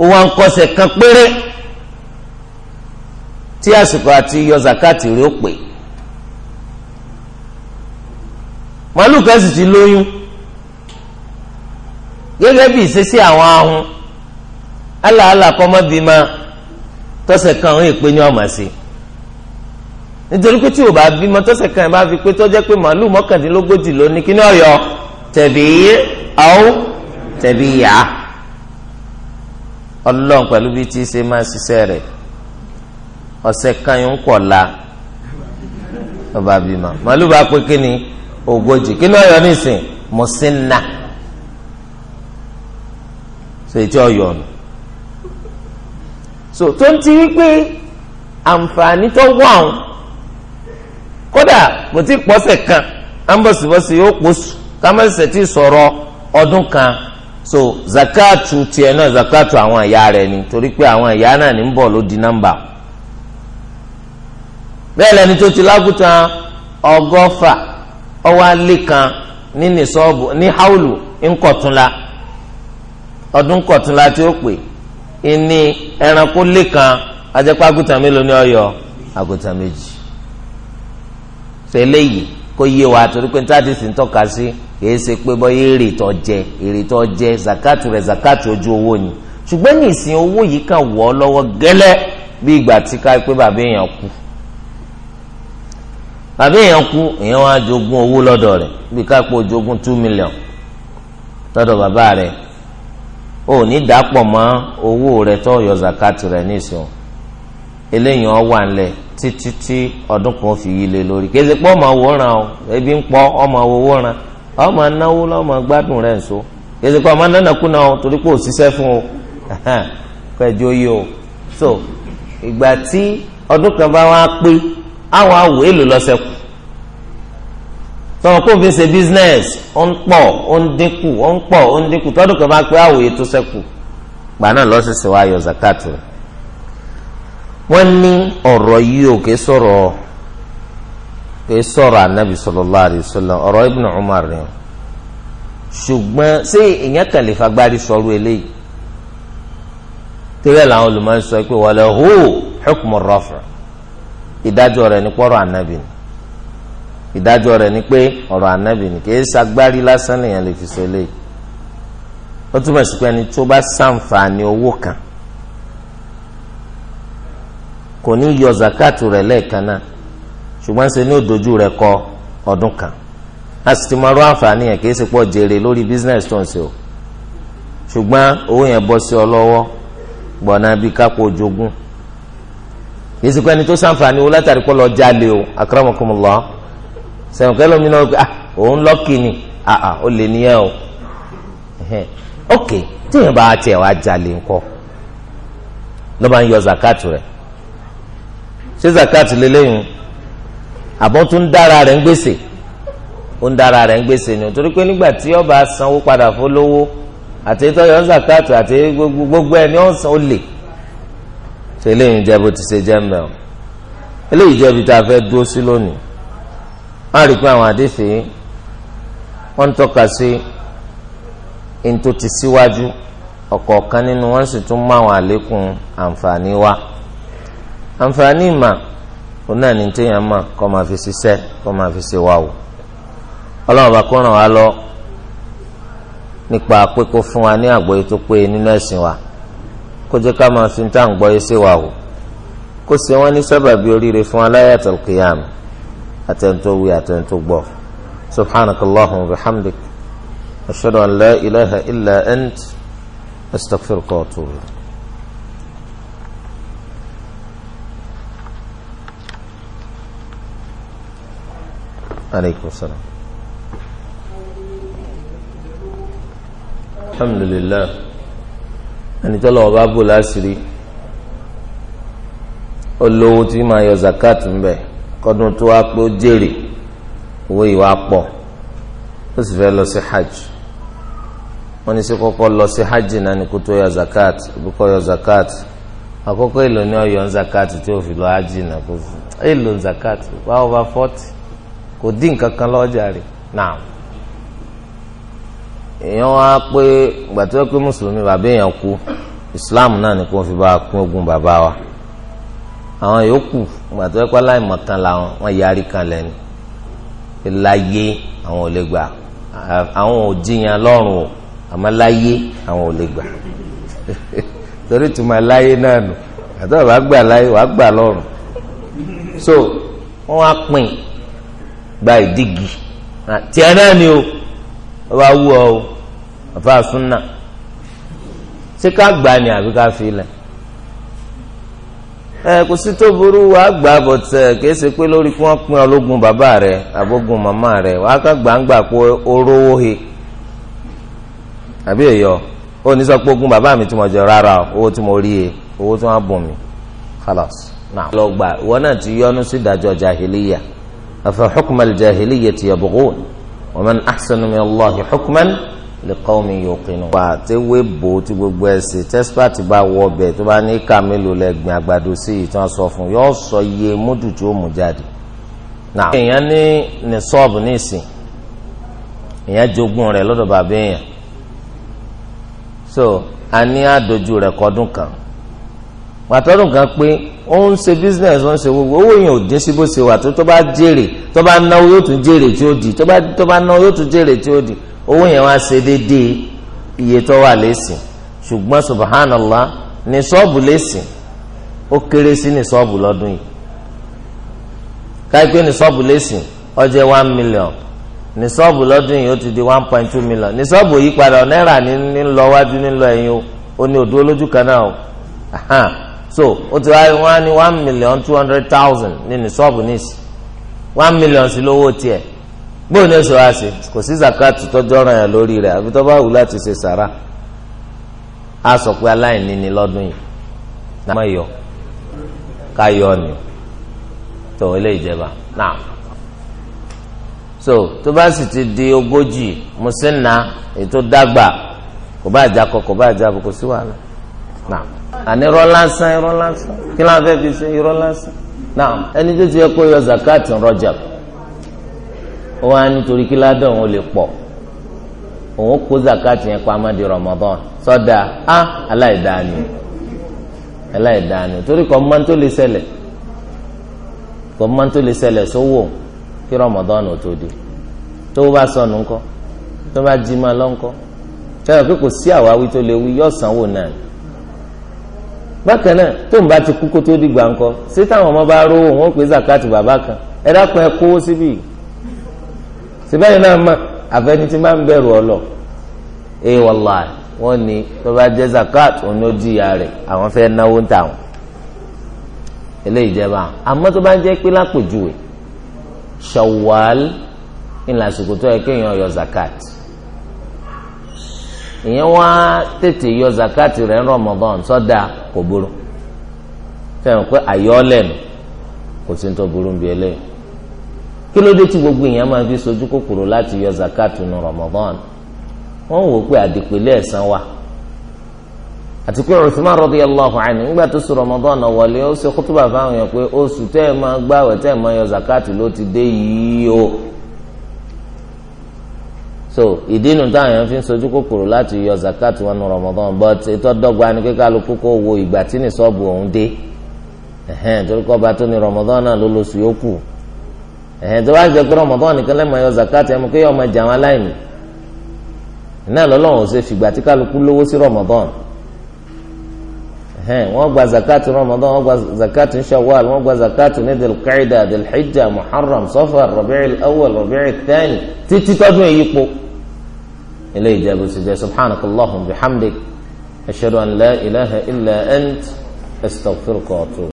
ó wá ń kọsẹ̀ kan péré tí àsìkò àti yọ zakati rẹ̀ ó pè màálù kan sì ti lóyún gẹ́gẹ́ bí ìṣesí àwọn ahun aláàlá kọ́mọ́bímá tọ́sẹ̀ kan àwọn èèpẹ̀ ní ọmọ sí nítorí pé tí o bá bímọ tọ́sẹ̀ kan ẹ̀ bá fi pé tọ́jẹ́ pé màálù mọ́kàndínlógójì ló ní kí ọ̀yọ́ tẹ̀bí ọ́ tẹ̀bí yá ọlọ́run pẹ̀lú bí tí ṣe máa ṣiṣẹ́ rẹ̀ ọ̀sẹ̀ kan yìí ń kọ̀ la ọba bímọ màálù bá pé kí ni ogójì kí ọyọ nísìn mùsínà so ètí ọyọ nù so tó ń ti wípé àǹfààní tó wà ń kódà kò tí pọ́sẹ̀ kan ambọ̀sibọ́sì yóò pọ̀sù kámẹ́sẹ̀ tí sọ̀rọ̀ ọdún kan so zakatu tiẹ̀ náà zakatu àwọn ìyá rẹ̀ ni torí pé àwọn ìyá náà ní ń bọ̀ ló di nọ́mbà bẹ́ẹ̀ lẹni tó ti lágùtàn ọgọ́fà ọwọ́ alẹ́ kan ní nìsọ́ọ̀bù ní haúlù ńkọ̀túnla ọdún kọ̀túnla tí ó pè ìní ẹranko lẹ́kan ajẹ́pá àgùtàn mélòó ní ọ̀yọ́ àgùtàn méjì fẹlẹ́ yìí kó yé wa torí pé táàdì sì ń tọ́ka sí kìí ṣe pé bọ́ èrè tó jẹ èrè tó jẹ zakatu rẹ̀ zakatu ojú owó ni ṣùgbọ́n ní ìsìn owó yìí kan wọ̀ ọ́ lọ́wọ́ gẹ́lẹ́ bí ìgbà tí ká pé bàbá èèyàn kú àbí èèyàn kú èèyàn wá jogún owó lọ́dọ̀ rẹ̀ bí kápò jogún two million lọ́dọ̀ bàbá rẹ̀ ò ní dàpọ̀ mọ́ owó rẹ̀ tó yọ zakat rẹ̀ nísìnyí eléyìí wà ńlẹ̀ títí tí ọdún kan fi yí lé lórí kéde pọ́ ọmọ o ebi ń pọ́ ọmọ wòran ọmọ náwó lọ́mọ gbádùn rẹ̀ nso kéde pọ́ ọmọ nánàkúnà o torí pé ṣiṣẹ́ fún o pẹ̀jọ́ o so ìgbà tí ọdún àwọn awò èlò lọ́sẹ̀kù tọ́wọ́ kó fi ṣe business ó ń pọ̀ ó ń dínkù ó ń pọ̀ ó ń dínkù tọ́dún kan máa pé awò yìí tó sẹ́kù gbà náà lọ́sẹ̀sẹ̀ wá yọ zakatu wọ́n ní ọ̀rọ̀ yìí ò ké sọ̀rọ̀ ké sọ̀rọ̀ anabi sallallahu alaihi wasallam ọ̀rọ̀ ibn umar rẹ̀ ṣùgbọ́n ṣé èèyàn kan lè fagbárí sọ̀rọ̀ eléyìí tẹ́lẹ̀ làwọn olùmọ̀ sọ pé wàlẹ̀ hó hukmu rafa' ìdájọ́ rẹ̀ ní pọ́rọ̀ ànábì ni ìdájọ́ rẹ̀ pé ọ̀rọ̀ ànábì ni kì í lásán nìyẹn lè fi ṣe léyìí ó túmọ̀ sí pé ẹni tó bá ṣàǹfààní owó kan kò ní yọ zakatu rẹ̀ lẹ́ẹ̀kan náà ṣùgbọ́n ṣe ní rẹ̀ kọ ọdún kan a sì ti àǹfààní yẹn kì í ṣe pọ̀ jèrè lórí business tó o ṣùgbọ́n owó yẹn bọ́ sí ọ lọ́wọ́ gbọ̀nà bíi kápò yìí sìnkú ẹni tó sànfàní wò látàrí kọ́ lọ jalè o akramakumullah sẹ̀wọ̀n kẹ́lọ́ mi náà ah òun lọ́ọ̀kì ni ah ah ó lè níyẹn o ok tíyẹn bá tiẹ̀ wá jalè ńkọ́ ló bá ń yọ zakat rẹ̀ ṣé zakat lélẹ́yìn àbọ̀ tó ń dára rẹ̀ ń gbèsè ó ń dára rẹ̀ ń gbèsè ni torí pé nígbà tí ọba sanwó padà fún lówó àti ìtọ́yọ̀ zakat àti gbogbo ẹni ọ̀sán ó lè tó eléyìí jẹ́ bó ti ṣe jẹ́ mbẹ́ o eléyìí jẹ́ ibi tá a fẹ́ dúró sí lónìí wọ́n á rí i pé àwọn àdéfì wọ́n ń tọ́ka sí ẹni tó ti síwájú ọ̀kọ̀ọ̀kan nínú wọ́n sì tún mú àwọn àlékún àǹfààní wá àǹfààní ìmà òun náà ní téèyàn mà kó máa fi ṣiṣẹ́ kó máa fi ṣe wà o ọlọ́run bá kó ràn wá lọ nípa pé kó fún wa ní àgbọ́yé tó péye nínú ẹ̀sìn wa. kó jẹ́ ká máa fi tá à ń gbọ́ yé sí wa o kó sì wọ́n ní sábà bí oríire fún aláyàtọ̀ wí àtẹ̀ntò gbọ́ subhanakallahumma wa bihamdik ashhadu an la ilaha illa ant astaghfiruka kootu. عليكم السلام الحمد لله ẹni tó lọ́wọ́ bá bò láṣìírí olówó tí máa yọ zakat ńbẹ kọ́dún tó wá pé ó jèrè owó ìwà pọ̀ ó sì fẹ́ lọ sí hajj wọ́n ní sí kọ́kọ́ lọ sí hajj náà ní kó tó yọ zakat ìbúkọ́ yọ zakat àkọ́kọ́ èlò ní ọ̀yọ́ zakat tí ó fi lọ hajj náà kó èlò zakat wá over forty kò dín nǹkan lọ́jà rẹ̀ náà èèyàn wá pé ìgbà tó yẹ pé mùsùlùmí bàbá èèyàn kú islam náà ni kò fi bá pín ogún bàbá wa àwọn yòókù ìgbà tó yẹ pé aláìmọ̀kan làwọn wọ́n yarí kan lẹ́nu láyé àwọn ò lè gbà àwọn ò jiyàn lọ́rùn o àmọ́ láyé àwọn ò lè gbà torí tuma láyé náà nù àti wàá gbà láyé wàá gbà lọ́rùn so wọ́n á pín gba ìdígi tiẹ̀ náà ni o wọ́n bá wú ọ o àfa súnà ṣé ká gbà ni àbí ká fi lẹ̀ ẹ kò sí tó burú wàá gbà bọ̀tẹ̀ kìí ṣe pé lórí kí wọ́n pín ológun bàbá rẹ̀ àbógun màmá rẹ̀ wàá ká gbàǹgbà pé orówó he àbí èyọ ó ní sọ pé ogun bàbá mi tí mo jẹ rárá owó tí mo rí e owó tí wọ́n bùn mi khalas náà. lọ gbà ìwọ náà ti yọnu sí ìdájọ́ jahiliya afa hukmal jahiliya ti yabghun wa man ahsanu min Allahi hukman liqawmi yuqinun. wà á ti wé bò ó ti gbogbo ẹ̀ sí tẹ́sípàtì bá wọ ọbẹ̀ tó bá ní ká mélòó lẹ́gbìn àgbàdo sí yìí tí wọ́n sọ fún yóò sọ iye múdù tí ó mú jáde. náà èèyàn ní ní sọ́ọ̀bù ní èèyàn jogún rẹ̀ lọ́dọ̀ bàbá èèyàn so a ní àdójú rẹ̀ kọ́dún kan pàtọ́dún kan pé ó ń ṣe business wọ́n ṣe gbogbo owó yẹn ò dín sí bó ṣe wà tó tó bá jèrè tó bá náwó yóò tún jèrè tí ó di tó bá náwó yóò tún jèrè tí ó di owó yẹn wá ṣe déédéé iye tó wà lẹ́sìn ṣùgbọ́n subhanallah ní sọ́ọ̀bù lẹ́sìn ó kéré sí ní sọ́ọ̀bù lọ́dún yìí káyipé ní sọ́ọ̀bù lẹ́sìn one million ní sọ́ọ̀bù lọ́dún yìí ó ti di one point two million ní sọ́ọ̀bù yìí padà náírà ní lọ wájú ẹ̀yìn o ní òdúró lójú kan náà so ó ti wá ní one million two hundred thousand ní ní sọ́ọ̀bù nísì one million bóun ni oṣù àṣẹ kò sí zakati tọjọ ọ̀ràn yẹn lórí rẹ̀ àbí tó wù láti ṣe sàrà á sọ pé aláìní ni lọ́dún yìí náà má yọ ká yọ ni tó ilé ìjẹba náà so tó bá sì ti di ogójì mùsínà ètò dàgbà kò bá àjàkọ kò bá àjàbọ kò sí wàhálà náà àní irọ́ lásán irọ́ lásán kí ló ń fẹ́ fi ṣe irọ́ lásán náà ẹni tó ti yẹ kó yọ zakati rọjà kù ó wá nítorí kí ládọ̀ òun lè pọ̀ òun kó zakati yẹn pamọ́ di Ramadan sọ́dà á aláìdáni aláìdáni torí kọ́ mọ́ tó lè ṣẹlẹ̀ kọ́ mọ́ tó lè ṣẹlẹ̀ sówó kí Ramadan ò tó di tó bá sọnù ńkọ́ tó bá jí máa lọ ńkọ́ sọ́dà pé kò sí àwáwí tó lè wí yóò sanwó náà bákan náà tó ń bá ti kú kó tó di gbàǹkọ sí táwọn ọmọ bá rówó wọn pè zakati bàbá kan ẹ dákun ẹ kówó síbí yìí síbẹ̀ yìí náà mọ̀ àfẹni tí máa ń bẹ̀rù ọlọ ee wàláì wọn ni tó bá jẹ zakat òun ló di ìyá rẹ̀ àwọn fẹ́ náwó ń tàwọn eléyìí jẹba àmọ́ tó bá jẹ́ pé lápèjúwe Shawwal ńlá àsìkò tó yẹ kéèyàn yọ zakat ìyẹn wá tètè yọ zakat rẹ̀ ń Ramadan sọ́dà kò burú fẹ́ràn pé àyọ́ lẹ́nu kò sí ní tó burú ń eléyìí kí ló dé tí gbogbo èèyàn máa fi sojú kòkòrò láti yọ zakatu nu Ramadan wọn wò pé àdìpẹ̀lẹ̀ ẹ̀san wa àti pé Uthman radiyallahu anhu nígbà tó sọ Ramadan náà wọlé ó ṣe kútùbà fáwọn èèyàn pé oṣù tẹ́ ẹ máa gbààwẹ̀ tẹ́ ẹ máa yọ zakatu ló ti dé yìí o so ìdínú táwọn èèyàn fi ń sojú kòkòrò láti yọ zakatu wọn nu Ramadan but ètò ọdọgba ni pé kálukú kó wo ìgbà tí ní sọ́ọ̀bù òun dé torí kọ́ Ramadan náà ló lóṣù ẹ̀hìn tó bá ṣe pé Ramadan nìkan lẹ́mọ̀ ẹ̀yọ zakat ẹ̀ mú kí ọmọ ẹ̀jẹ̀ àwọn aláìní náà lọ́lọ́run ò ṣe fìgbà tí kálukú lówó sí Ramadan ẹ̀hìn wọ́n gba zakat Ramadan wọ́n gba zakat Shawwal wọ́n gba zakat ní Dhul-Qa'dah Dhul-Hijjah Muharram Safar Rabi'ul Awwal Rabi'ut Thani títí tọ́dún èyí po ilé ìjẹ́bù sì jẹ́ subhanakallahumma bihamdik ashhadu an la ilaha illa ant astaghfiruka